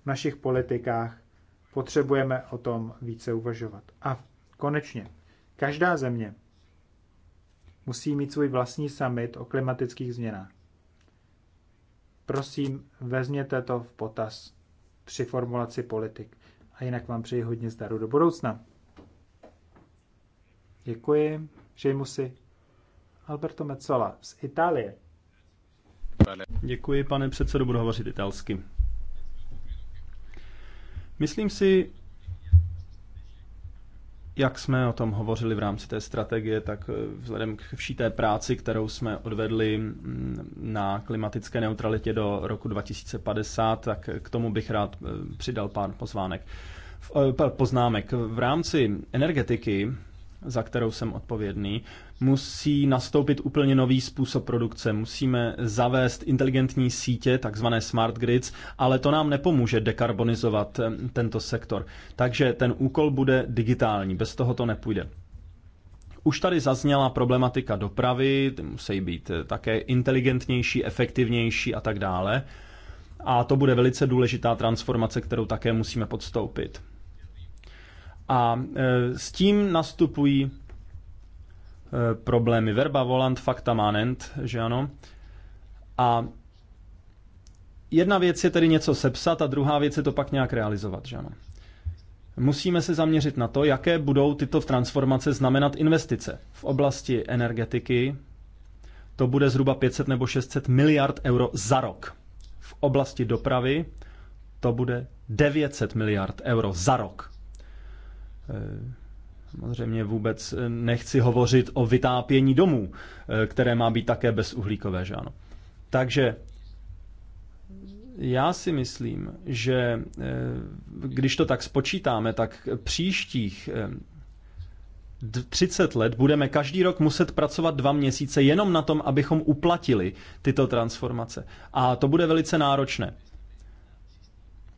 v našich politikách potřebujeme o tom více uvažovat. A konečně, každá země musí mít svůj vlastní summit o klimatických změnách. Prosím, vezměte to v potaz při formulaci politik. A jinak vám přeji hodně zdaru do budoucna. Děkuji, přeji mu si Alberto Mezzola z Itálie. Děkuji, pane předsedo, budu hovořit italsky. Myslím si, jak jsme o tom hovořili v rámci té strategie, tak eh, vzhledem k vší té práci, kterou jsme odvedli mm, na klimatické neutralitě do roku 2050, tak k tomu bych rád eh, přidal pár pozvánek. Eh, poznámek. V rámci energetiky za kterou jsem odpovědný, musí nastoupit úplně nový způsob produkce. Musíme zavést inteligentní sítě, takzvané smart grids, ale to nám nepomůže dekarbonizovat eh, tento sektor. Takže ten úkol bude digitální, bez toho to nepůjde. Už tady zazněla problematika dopravy, ty musí být eh, také inteligentnější, efektivnější a tak dále. A to bude velice důležitá transformace, kterou také musíme podstoupit. A e, s tím nastupují e, problémy. Verba volant facta manent, že ano? A jedna věc je tedy něco sepsat a druhá věc je to pak nějak realizovat, že ano? Musíme se zaměřit na to, jaké budou tyto transformace znamenat investice. V oblasti energetiky to bude zhruba 500 nebo 600 miliard euro za rok. V oblasti dopravy to bude 900 miliard euro za rok. Eh, samozřejmě vůbec eh, nechci hovořit o vytápění domů, eh, které má být také bezuhlíkové, že ano. Takže já si myslím, že když to tak spočítáme, tak příštích 30 let budeme každý rok muset pracovat dva měsíce jenom na tom, abychom uplatili tyto transformace. A to bude velice náročné.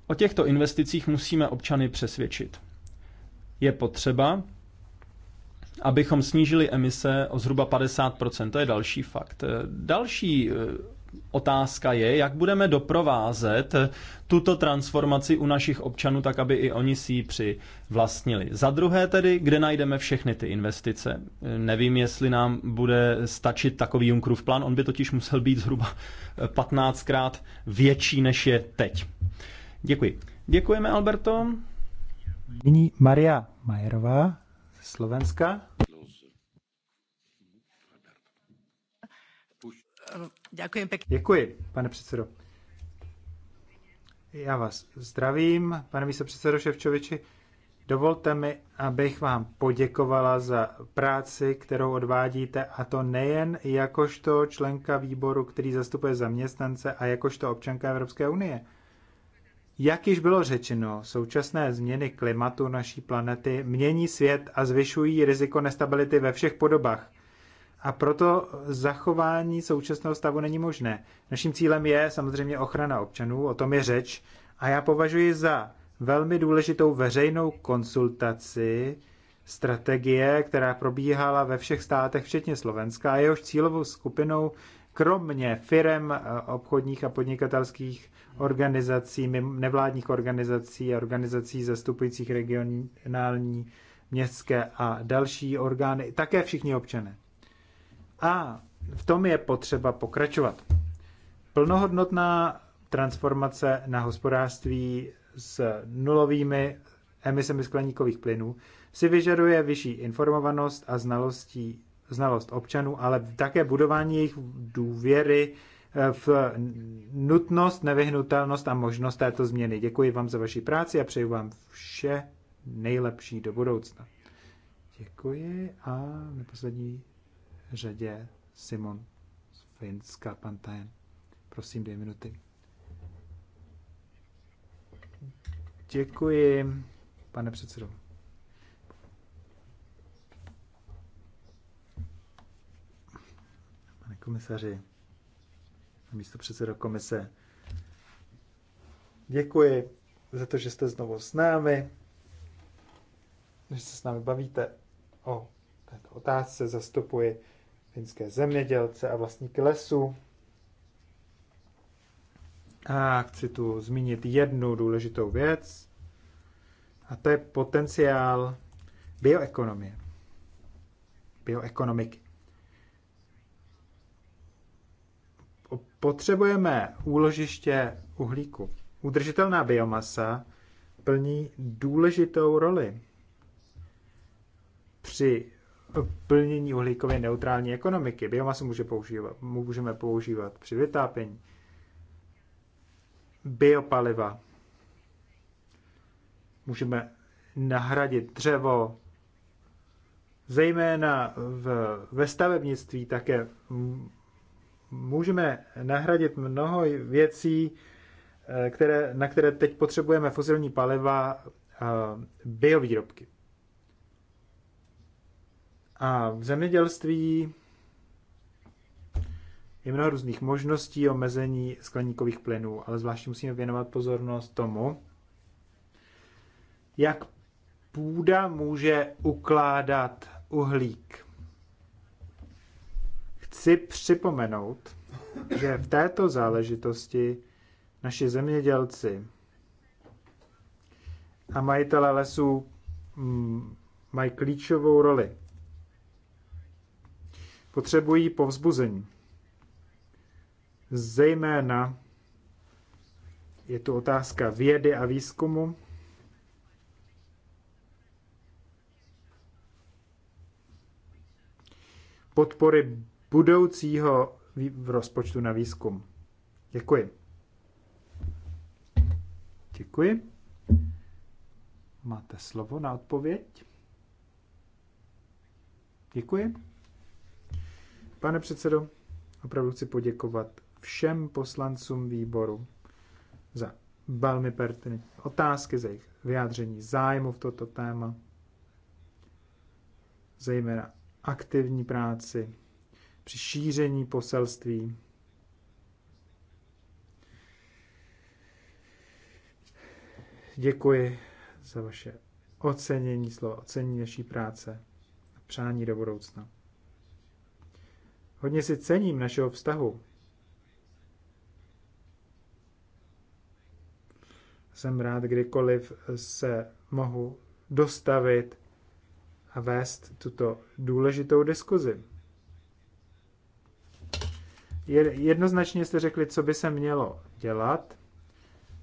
O těchto investicích musíme občany přesvědčit je potřeba, abychom snížili emise o zhruba 50%. To je další fakt. Další eh, otázka je, jak budeme doprovázet eh, tuto transformaci u našich občanů, tak aby i oni si ji přivlastnili. Za druhé tedy, kde najdeme všechny ty investice. Eh, nevím, jestli nám bude stačit takový junkrův plán, on by totiž musel být zhruba 15krát větší, než je teď. Děkuji. Děkujeme, Alberto. Nyní Maria Majerová ze Slovenska. Děkuji pěkně. Děkuji, pane předsedo. Já vás zdravím, pane místopředsedo Ševčoviči. Dovolte mi, abych vám poděkovala za práci, kterou odvádíte, a to nejen jakožto členka výboru, který zastupuje zaměstnance, a jakožto občanka Evropské unie. Jak již bylo řečeno, současné změny klimatu naší planety mění svět a zvyšují riziko nestability ve všech podobách. A proto zachování současného stavu není možné. Naším cílem je samozřejmě ochrana občanů, o tom je řeč. A já považuji za velmi důležitou veřejnou konsultaci strategie, která probíhala ve všech státech, včetně Slovenska. A jehož cílovou skupinou kromě firem eh, obchodních a podnikatelských organizací, nevládních organizací a organizací zastupujících regionální, městské a další orgány, také všichni občané. A v tom je potřeba pokračovat. Plnohodnotná transformace na hospodářství s nulovými emisemi skleníkových plynů si vyžaduje vyšší informovanost a znalostí znalost občanů, ale také budování jejich důvěry eh, v nutnost, nevyhnutelnost a možnost této změny. Děkuji vám za vaši práci a přeju vám vše nejlepší do budoucna. Děkuji a na neposlední řadě Simon z Finska, pan Tajen. Prosím, dvě minuty. Děkuji, pane předsedo. komisaři, místo předseda komise. Děkuji za to, že jste znovu s námi, že se s námi bavíte o této otázce. Zastupuji finské zemědělce a vlastníky lesů. A chci tu zmínit jednu důležitou věc, a to je potenciál bioekonomie, bioekonomiky. Potřebujeme úložiště uhlíku. Udržitelná biomasa plní důležitou roli při plnění uhlíkově neutrální ekonomiky. Biomasu může používat, můžeme používat při vytápění, biopaliva. Můžeme nahradit dřevo, zejména v, ve stavebnictví také můžeme nahradit mnoho věcí, eh, které, na které teď potřebujeme fosilní paliva, eh, biovýrobky. A v zemědělství je mnoho různých možností omezení skleníkových plynů, ale zvláště musíme věnovat pozornost tomu, jak půda může ukládat uhlík chci připomenout, že v této záležitosti naši zemědělci a majitele lesů mm, mají klíčovou roli. Potřebují povzbuzení. Zejména je tu otázka vědy a výzkumu. Podpory budoucího rozpočtu na výzkum. Děkuji. Děkuji. Máte slovo na odpověď? Děkuji. Pane předsedo, opravdu chci poděkovat všem poslancům výboru za velmi pertinentní otázky, za jejich vyjádření zájmu v toto téma, zejména aktivní práci při šíření poselství. Děkuji za vaše ocenění slovo ocenění naší práce a přání do budoucna. Hodně si cením našeho vztahu. Jsem rád, kdykoliv se mohu dostavit a vést tuto důležitou diskuzi jednoznačně jste řekli, co by se mělo dělat,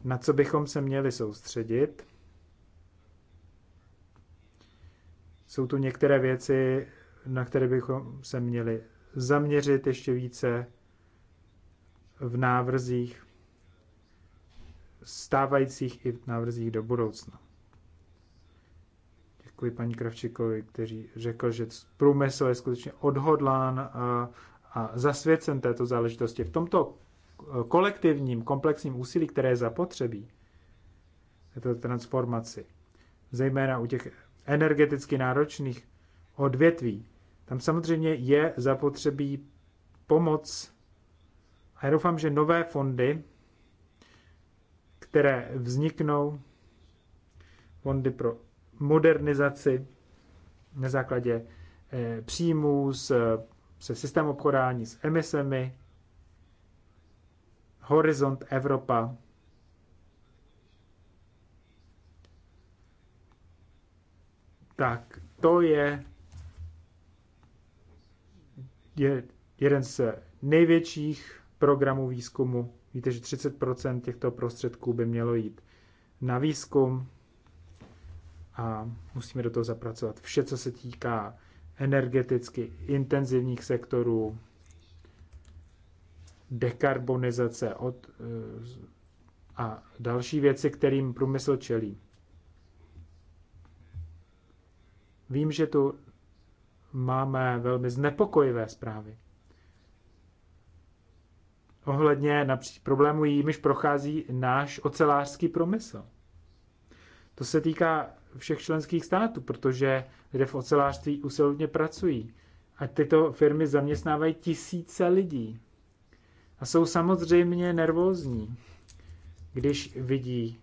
na co bychom se měli soustředit. Jsou tu některé věci, na které bychom se měli zaměřit ještě více v návrzích stávajících i v návrzích do budoucna. Děkuji paní Kravčikovi, který řekl, že průmysl je skutečně odhodlán a zasvěcen této záležitosti. V tomto eh, kolektivním komplexním úsilí, které je zapotřebí této transformaci, zejména u těch energeticky náročných odvětví, tam samozřejmě je zapotřebí pomoc. A já doufám, že nové fondy, které vzniknou, fondy pro modernizaci na základě eh, příjmů z se systém obchodání s emisemi, Horizont Evropa, tak to je, je jeden z největších programů výzkumu. Víte, že 30% těchto prostředků by mělo jít na výzkum a musíme do toho zapracovat vše, co se týká energeticky intenzivních sektorů, dekarbonizace od, eh, a další věci, kterým průmysl čelí. Vím, že tu máme velmi znepokojivé zprávy. Ohledně například problémů, jimiž prochází náš ocelářský promysl. To se týká všech členských států, protože lidé v ocelářství usilovně pracují. A tyto firmy zaměstnávají tisíce lidí. A jsou samozřejmě nervózní, když vidí,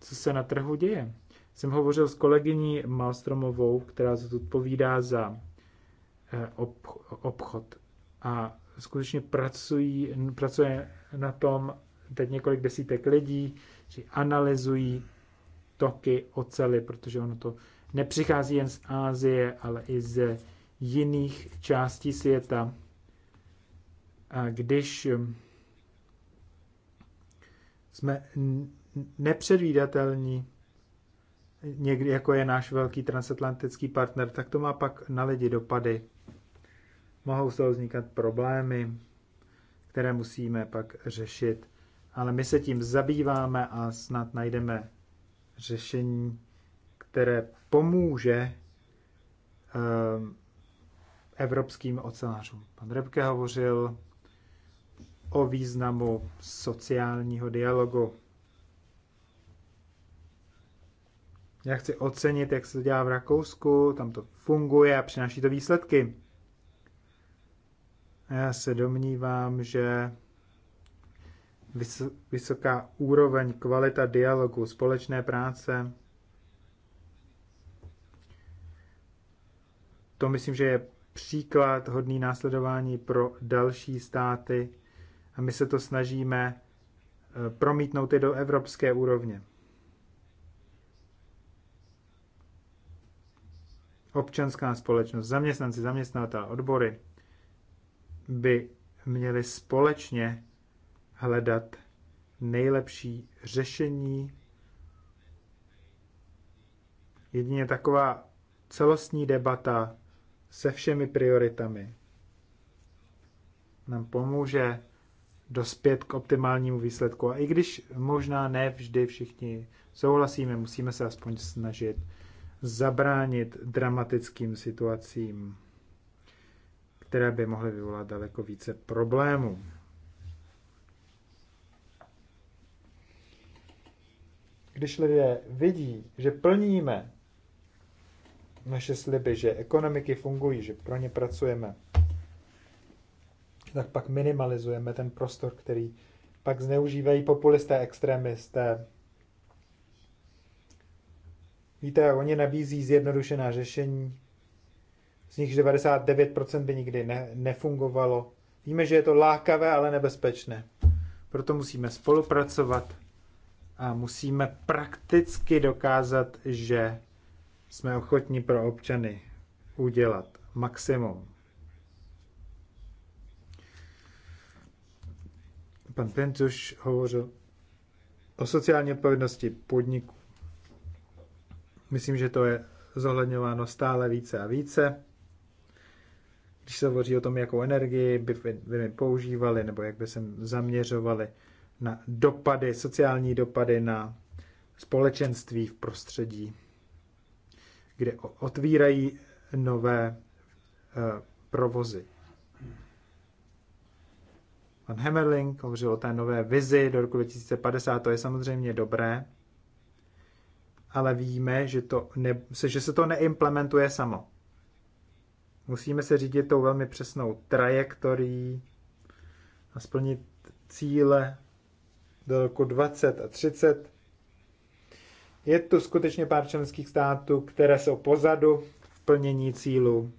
co se na trhu děje. Jsem hovořil s kolegyní Malstromovou, která se odpovídá za eh, obchod. A skutečně pracují, pracuje na tom teď několik desítek lidí, že analyzují toky ocely, protože ono to nepřichází jen z Ázie, ale i z jiných částí světa. A když hm, jsme nepředvídatelní, někdy jako je náš velký transatlantický partner, tak to má pak na lidi dopady. Mohou z toho vznikat problémy, které musíme pak řešit. Ale my se tím zabýváme a snad najdeme řešení, které pomůže ehm, evropským ocelářům. Pan Rebke hovořil o významu sociálního dialogu. Já chci ocenit, jak se to dělá v Rakousku, tam to funguje a přináší to výsledky. Já se domnívám, že vysoká úroveň, kvalita dialogu, společné práce. To myslím, že je příklad hodný následování pro další státy a my se to snažíme eh, promítnout i do evropské úrovně. Občanská společnost, zaměstnanci, zaměstnatel, odbory by měli společně hledat nejlepší řešení. Jedině taková celostní debata se všemi prioritami nám pomůže dospět k optimálnímu výsledku. A i když možná ne vždy všichni souhlasíme, musíme se aspoň snažit zabránit dramatickým situacím, které by mohly vyvolat daleko více problémů. když lidé vidí, že plníme naše sliby, že ekonomiky fungují, že pro ně pracujeme, tak pak minimalizujeme ten prostor, který pak zneužívají populisté, extremisté. Víte, oni nabízí zjednodušená řešení, z nich 99% by nikdy ne, nefungovalo. Víme, že je to lákavé, ale nebezpečné. Proto musíme spolupracovat a musíme prakticky dokázat, že jsme ochotní pro občany udělat maximum. Pan Pentuš hovořil o sociální odpovědnosti podniků. Myslím, že to je zohledňováno stále více a více. Když se hovoří o tom, jakou energii by, by, by používali nebo jak by se zaměřovali na dopady, sociální dopady na společenství v prostředí, kde otvírají nové eh, provozy. Pan Hemmerling hovořil o té nové vizi do roku 2050, to je samozřejmě dobré, ale víme, že, to ne, že se to neimplementuje samo. Musíme se řídit tou velmi přesnou trajektorií a splnit cíle do roku 20 a 30. Je tu skutečně pár členských států, které jsou pozadu v plnění cílů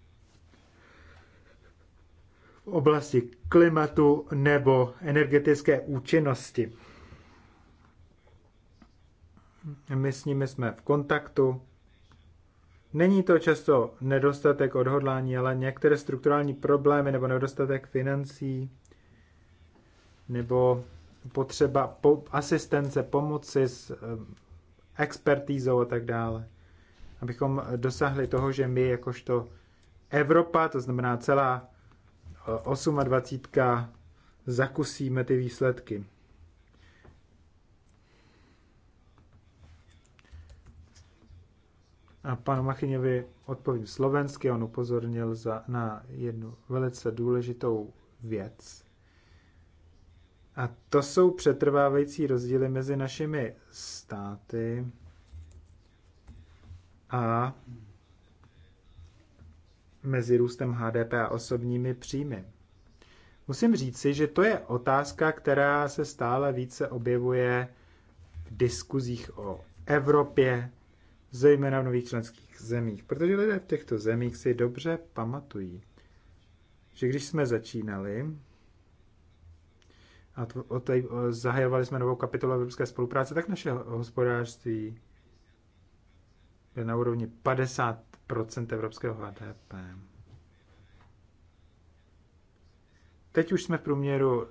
v oblasti klimatu nebo energetické účinnosti. My s nimi jsme v kontaktu. Není to často nedostatek odhodlání, ale některé strukturální problémy nebo nedostatek financí nebo potřeba po, asistence, pomoci s eh, expertízou a tak dále. Abychom dosáhli toho, že my jakožto Evropa, to znamená celá 28, eh, zakusíme ty výsledky. A panu Machyněvi odpovím slovensky, on upozornil za, na jednu velice důležitou věc. A to jsou přetrvávající rozdíly mezi našimi státy a mezi růstem HDP a osobními příjmy. Musím říci, že to je otázka, která se stále více objevuje v diskuzích o Evropě, zejména v nových členských zemích, protože lidé v těchto zemích si dobře pamatují, že když jsme začínali, a tady zahajovali jsme novou kapitolu evropské spolupráce, tak naše hospodářství je na úrovni 50% evropského HDP. Teď už jsme v průměru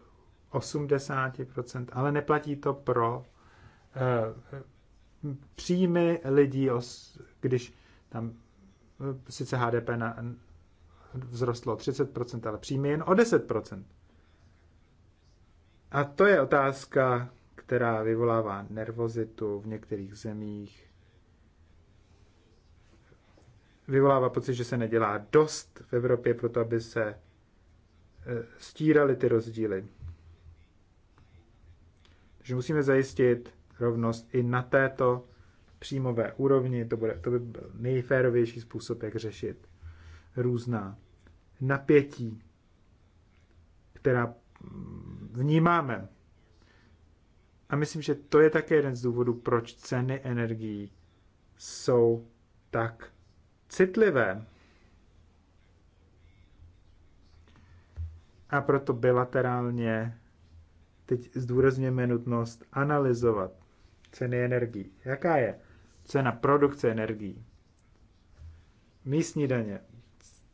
80%, ale neplatí to pro eh, příjmy lidí, os, když tam eh, sice HDP na, vzrostlo 30%, ale příjmy jen o 10%. A to je otázka, která vyvolává nervozitu v některých zemích. Vyvolává pocit, že se nedělá dost v Evropě pro to, aby se eh, stíraly ty rozdíly. Takže musíme zajistit rovnost i na této příjmové úrovni. To, bude, to by byl nejférovější způsob, jak řešit různá napětí, která mm, vnímáme. A myslím, že to je také jeden z důvodů, proč ceny energií jsou tak citlivé. A proto bilaterálně teď zdůrazněme nutnost analyzovat ceny energií. Jaká je cena produkce energií? Místní daně,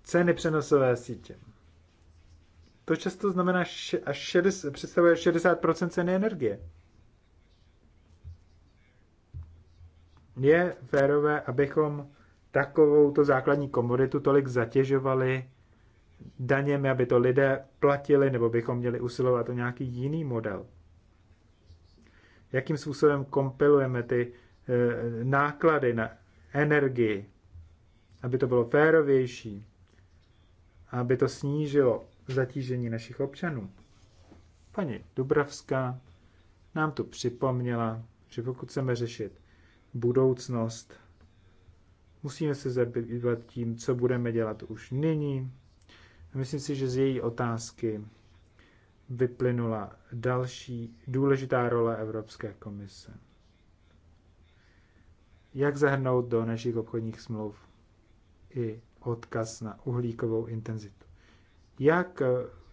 ceny přenosové sítě, to často znamená až 60, představuje 60% ceny energie. Je férové, abychom takovou to základní komoditu tolik zatěžovali daněmi, aby to lidé platili, nebo bychom měli usilovat o nějaký jiný model. Jakým způsobem kompilujeme ty e, náklady na energii, aby to bylo férovější, aby to snížilo zatížení našich občanů. Paní Dubravská nám tu připomněla, že pokud chceme řešit budoucnost, musíme se zabývat tím, co budeme dělat už nyní. Myslím si, že z její otázky vyplynula další důležitá role Evropské komise. Jak zahrnout do našich obchodních smluv i odkaz na uhlíkovou intenzitu? jak eh,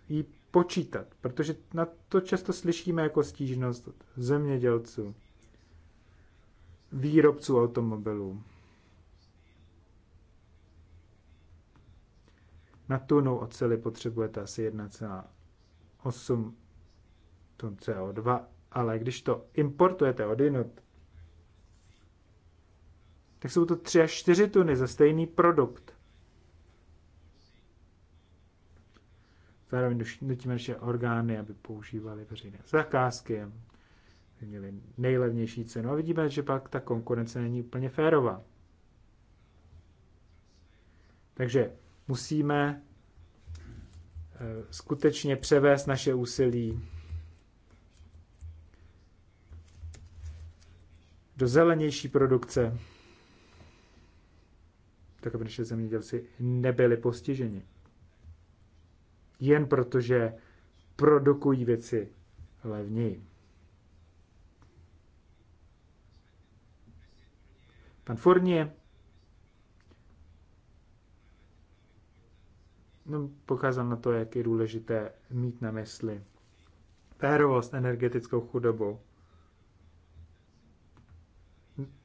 ji počítat, protože na to často slyšíme jako stížnost zemědělců, výrobců automobilů. Na tunu oceli potřebujete asi 1,8 tun CO2, ale když to importujete od jinot, tak jsou to 3 až 4 tuny za stejný produkt. zároveň nutíme naše orgány, aby používali veřejné zakázky, aby měli nejlevnější cenu. A vidíme, že pak ta konkurence není úplně férová. Takže musíme eh, skutečně převést naše úsilí do zelenější produkce, tak aby naše zemědělci nebyli postiženi jen protože produkují věci levněji. Pan Fournier no, pokázal na to, jak je důležité mít na mysli férovost energetickou chudobou.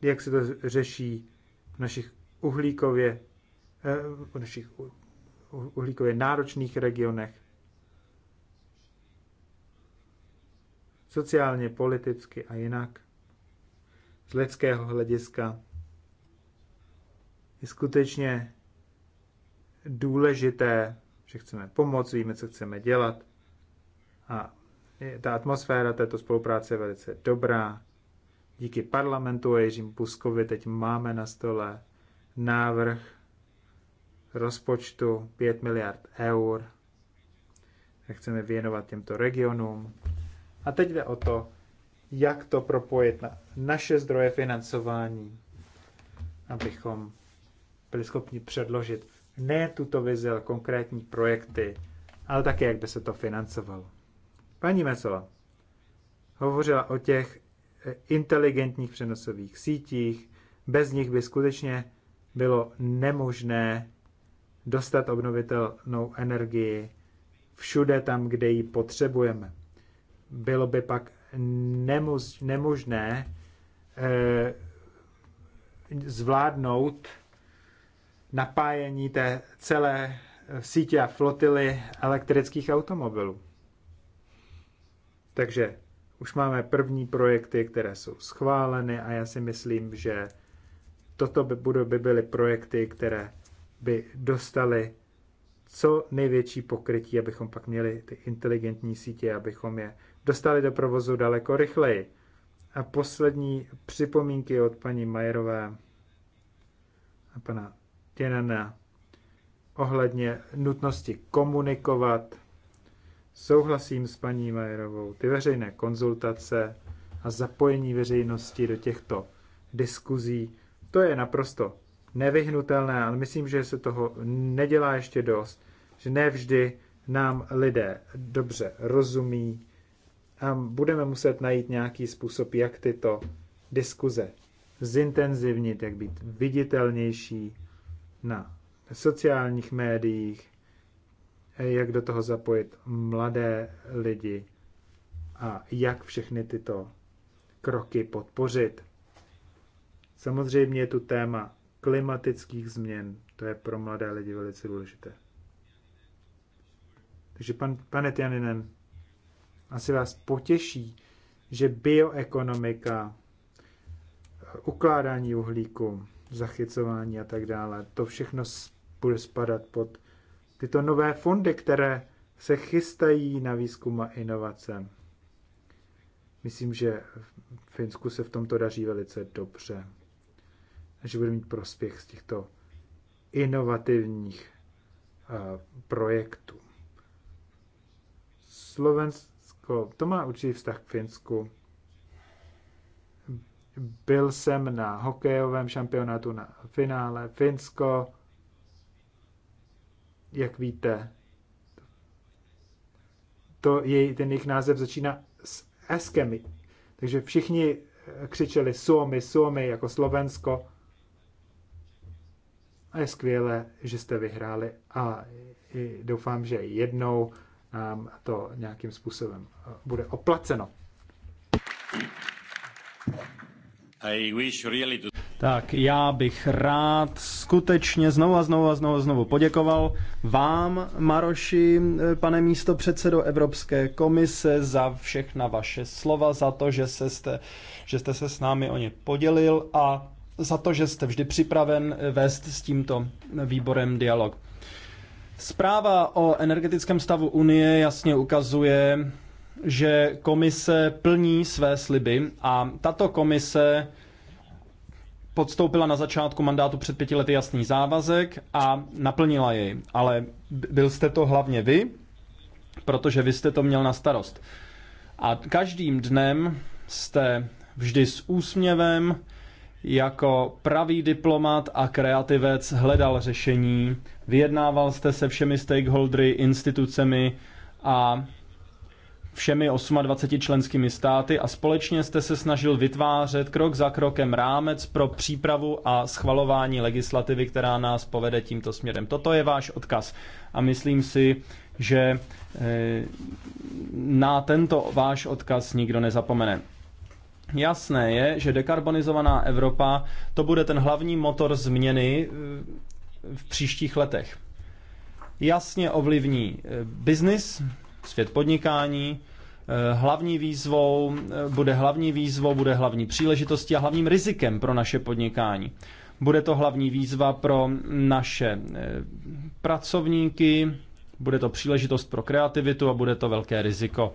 Jak se to řeší v našich uhlíkově, eh, v našich uhlíkově náročných regionech. Sociálně, politicky a jinak. Z lidského hlediska je skutečně důležité, že chceme pomoct, víme, co chceme dělat. A ta atmosféra této spolupráce je velice dobrá. Díky parlamentu a Jiřím Puskovi teď máme na stole návrh rozpočtu 5 miliard eur, které chceme věnovat těmto regionům. A teď jde o to, jak to propojit na naše zdroje financování, abychom byli schopni předložit ne tuto vizi, ale konkrétní projekty, ale také, jak by se to financovalo. Paní Mesola hovořila o těch eh, inteligentních přenosových sítích, bez nich by skutečně bylo nemožné dostat obnovitelnou energii všude tam, kde ji potřebujeme. Bylo by pak nemož, nemožné eh, zvládnout napájení té celé sítě a flotily elektrických automobilů. Takže už máme první projekty, které jsou schváleny a já si myslím, že toto by, budou, by byly projekty, které by dostali co největší pokrytí, abychom pak měli ty inteligentní sítě, abychom je dostali do provozu daleko rychleji. A poslední připomínky od paní Majerové a pana Tienana ohledně nutnosti komunikovat. Souhlasím s paní Majerovou. Ty veřejné konzultace a zapojení veřejnosti do těchto diskuzí, to je naprosto nevyhnutelné, ale myslím, že se toho nedělá ještě dost, že nevždy nám lidé dobře rozumí a budeme muset najít nějaký způsob, jak tyto diskuze zintenzivnit, jak být viditelnější na sociálních médiích, jak do toho zapojit mladé lidi a jak všechny tyto kroky podpořit. Samozřejmě je tu téma klimatických změn. To je pro mladé lidi velice důležité. Takže pan, pane Tianinen, asi vás potěší, že bioekonomika, ukládání uhlíku, zachycování a tak dále, to všechno bude spadat pod tyto nové fondy, které se chystají na výzkum a inovace. Myslím, že v Finsku se v tomto daří velice dobře a že bude mít prospěch z těchto inovativních projektů. Slovensko, to má určitý vztah k Finsku. Byl jsem na hokejovém šampionátu na finále. Finsko, jak víte, to je, ten jejich název začíná s Eskemi. Takže všichni křičeli Suomi, Suomi jako Slovensko a je skvělé, že jste vyhráli a doufám, že jednou nám to nějakým způsobem eh, bude oplaceno. I wish really to... Tak já bych rád skutečně znovu a znovu a znovu a znovu poděkoval vám, Maroši, eh, pane místo předsedo Evropské komise, za všechna vaše slova, za to, že, se jste, že jste se s námi o ně podělil a za to, že jste vždy připraven eh, vést s tímto eh, výborem dialog. Zpráva o energetickém stavu Unie jasně ukazuje, že komise plní své sliby a tato komise podstoupila na začátku mandátu před pěti lety jasný závazek a naplnila jej. Ale byl jste to hlavně vy, protože vy jste to měl na starost. A každým dnem jste vždy s úsměvem jako pravý diplomat a kreativec hledal řešení, vyjednával jste se všemi stakeholdery, institucemi a všemi 28 členskými státy a společně jste se snažil vytvářet krok za krokem rámec pro přípravu a schvalování legislativy, která nás povede tímto směrem. Toto je váš odkaz a myslím si, že eh, na tento váš odkaz nikdo nezapomene. Jasné je, že dekarbonizovaná Evropa to bude ten hlavní motor změny eh, v příštích letech. Jasně ovlivní eh, biznis, svět podnikání, eh, hlavní výzvou, bude hlavní výzvou, bude hlavní příležitostí a hlavním rizikem pro naše podnikání. Bude to hlavní výzva pro naše pracovníky, bude to příležitost pro kreativitu a bude to velké riziko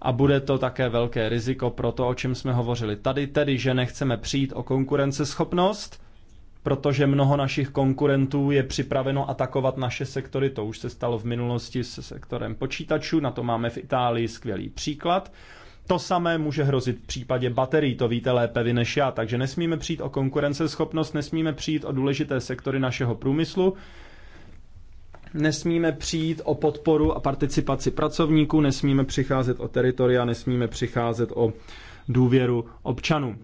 a bude to také velké riziko pro to, o čem jsme hovořili tady, tedy že nechceme přijít o konkurenceschopnost, protože mnoho našich konkurentů je připraveno atakovat naše sektory. To už se stalo v minulosti se sektorem počítačů, na to máme v Itálii skvělý příklad. To samé může hrozit v případě baterií, to víte lépe vy než já, takže nesmíme přijít o konkurenceschopnost, nesmíme přijít o důležité sektory našeho průmyslu, Nesmíme přijít o podporu a participaci pracovníků, nesmíme přicházet o teritoria, nesmíme přicházet o důvěru občanů.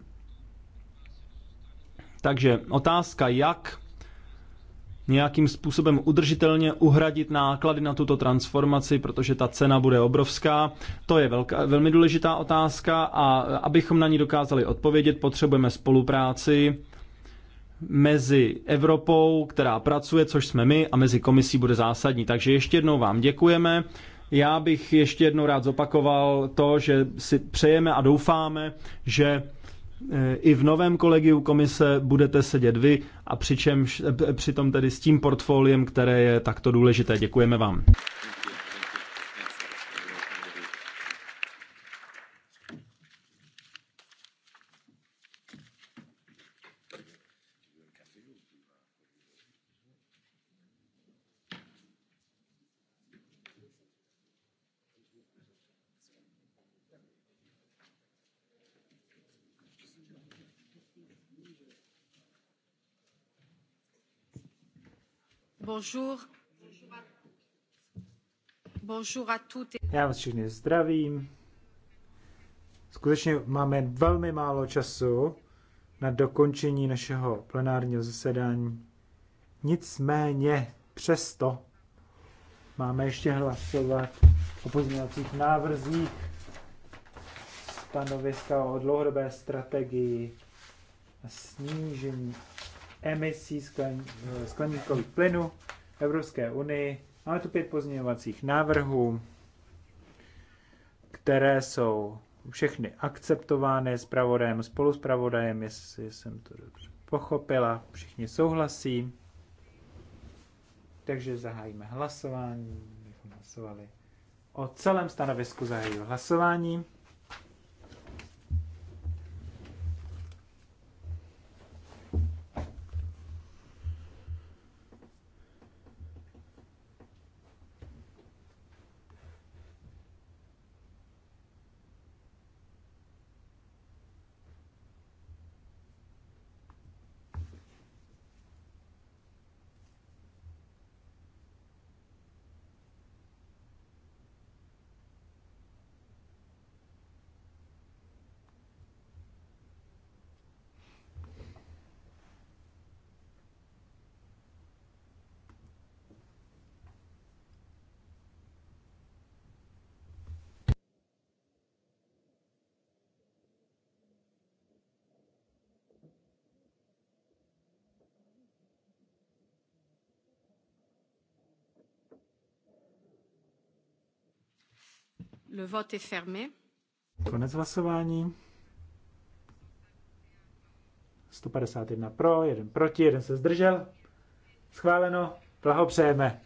Takže otázka, jak nějakým způsobem udržitelně uhradit náklady na tuto transformaci, protože ta cena bude obrovská. To je velká, velmi důležitá otázka a abychom na ní dokázali odpovědět, potřebujeme spolupráci mezi Evropou, která pracuje, což jsme my, a mezi komisí bude zásadní. Takže ještě jednou vám děkujeme. Já bych ještě jednou rád zopakoval to, že si přejeme a doufáme, že eh, i v novém kolegiu komise budete sedět vy a přičem eh, přitom tedy s tím portfoliem, které je takto důležité. Děkujeme vám. Já vás všichni zdravím. Skutečně máme velmi málo času na dokončení našeho plenárního zasedání. Nicméně přesto máme ještě hlasovat o pozměňovacích návrzích stanoviska o dlouhodobé strategii a snížení emisí skleníkových plynů v Evropské unii. Máme tu pět pozměňovacích návrhů, které jsou všechny akceptovány s pravodajem, spolu s pravodajem, jestli jsem to dobře pochopila. Všichni souhlasí. Takže zahájíme hlasování. Hlasovali o celém stanovisku zahájí hlasování. Le vote est fermé. Konec hlasování. 151 pro, jeden proti, jeden se zdržel. Schváleno. Blahopřejeme.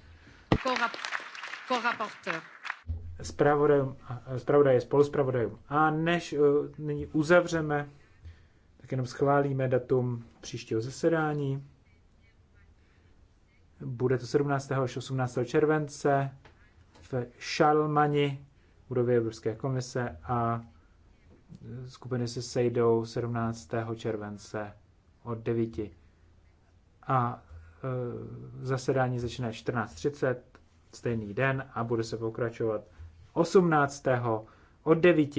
Spravodajům, je spoluzpravodajům. A než eh, nyní uzavřeme, tak jenom schválíme datum příštího zasedání. Bude to 17. až 18. července v Šalmani budově Evropské komise a skupiny se sejdou 17. července od 9. A e, zasedání začíná 14.30 stejný den a bude se pokračovat 18. od 9.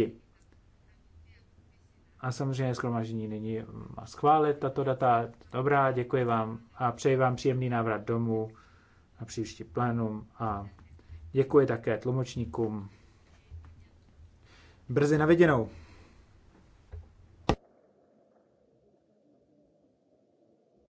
A samozřejmě schromažení nyní má schválit tato data. Dobrá, děkuji vám a přeji vám příjemný návrat domů na příští plénum a děkuji také tlumočníkům. Brzy na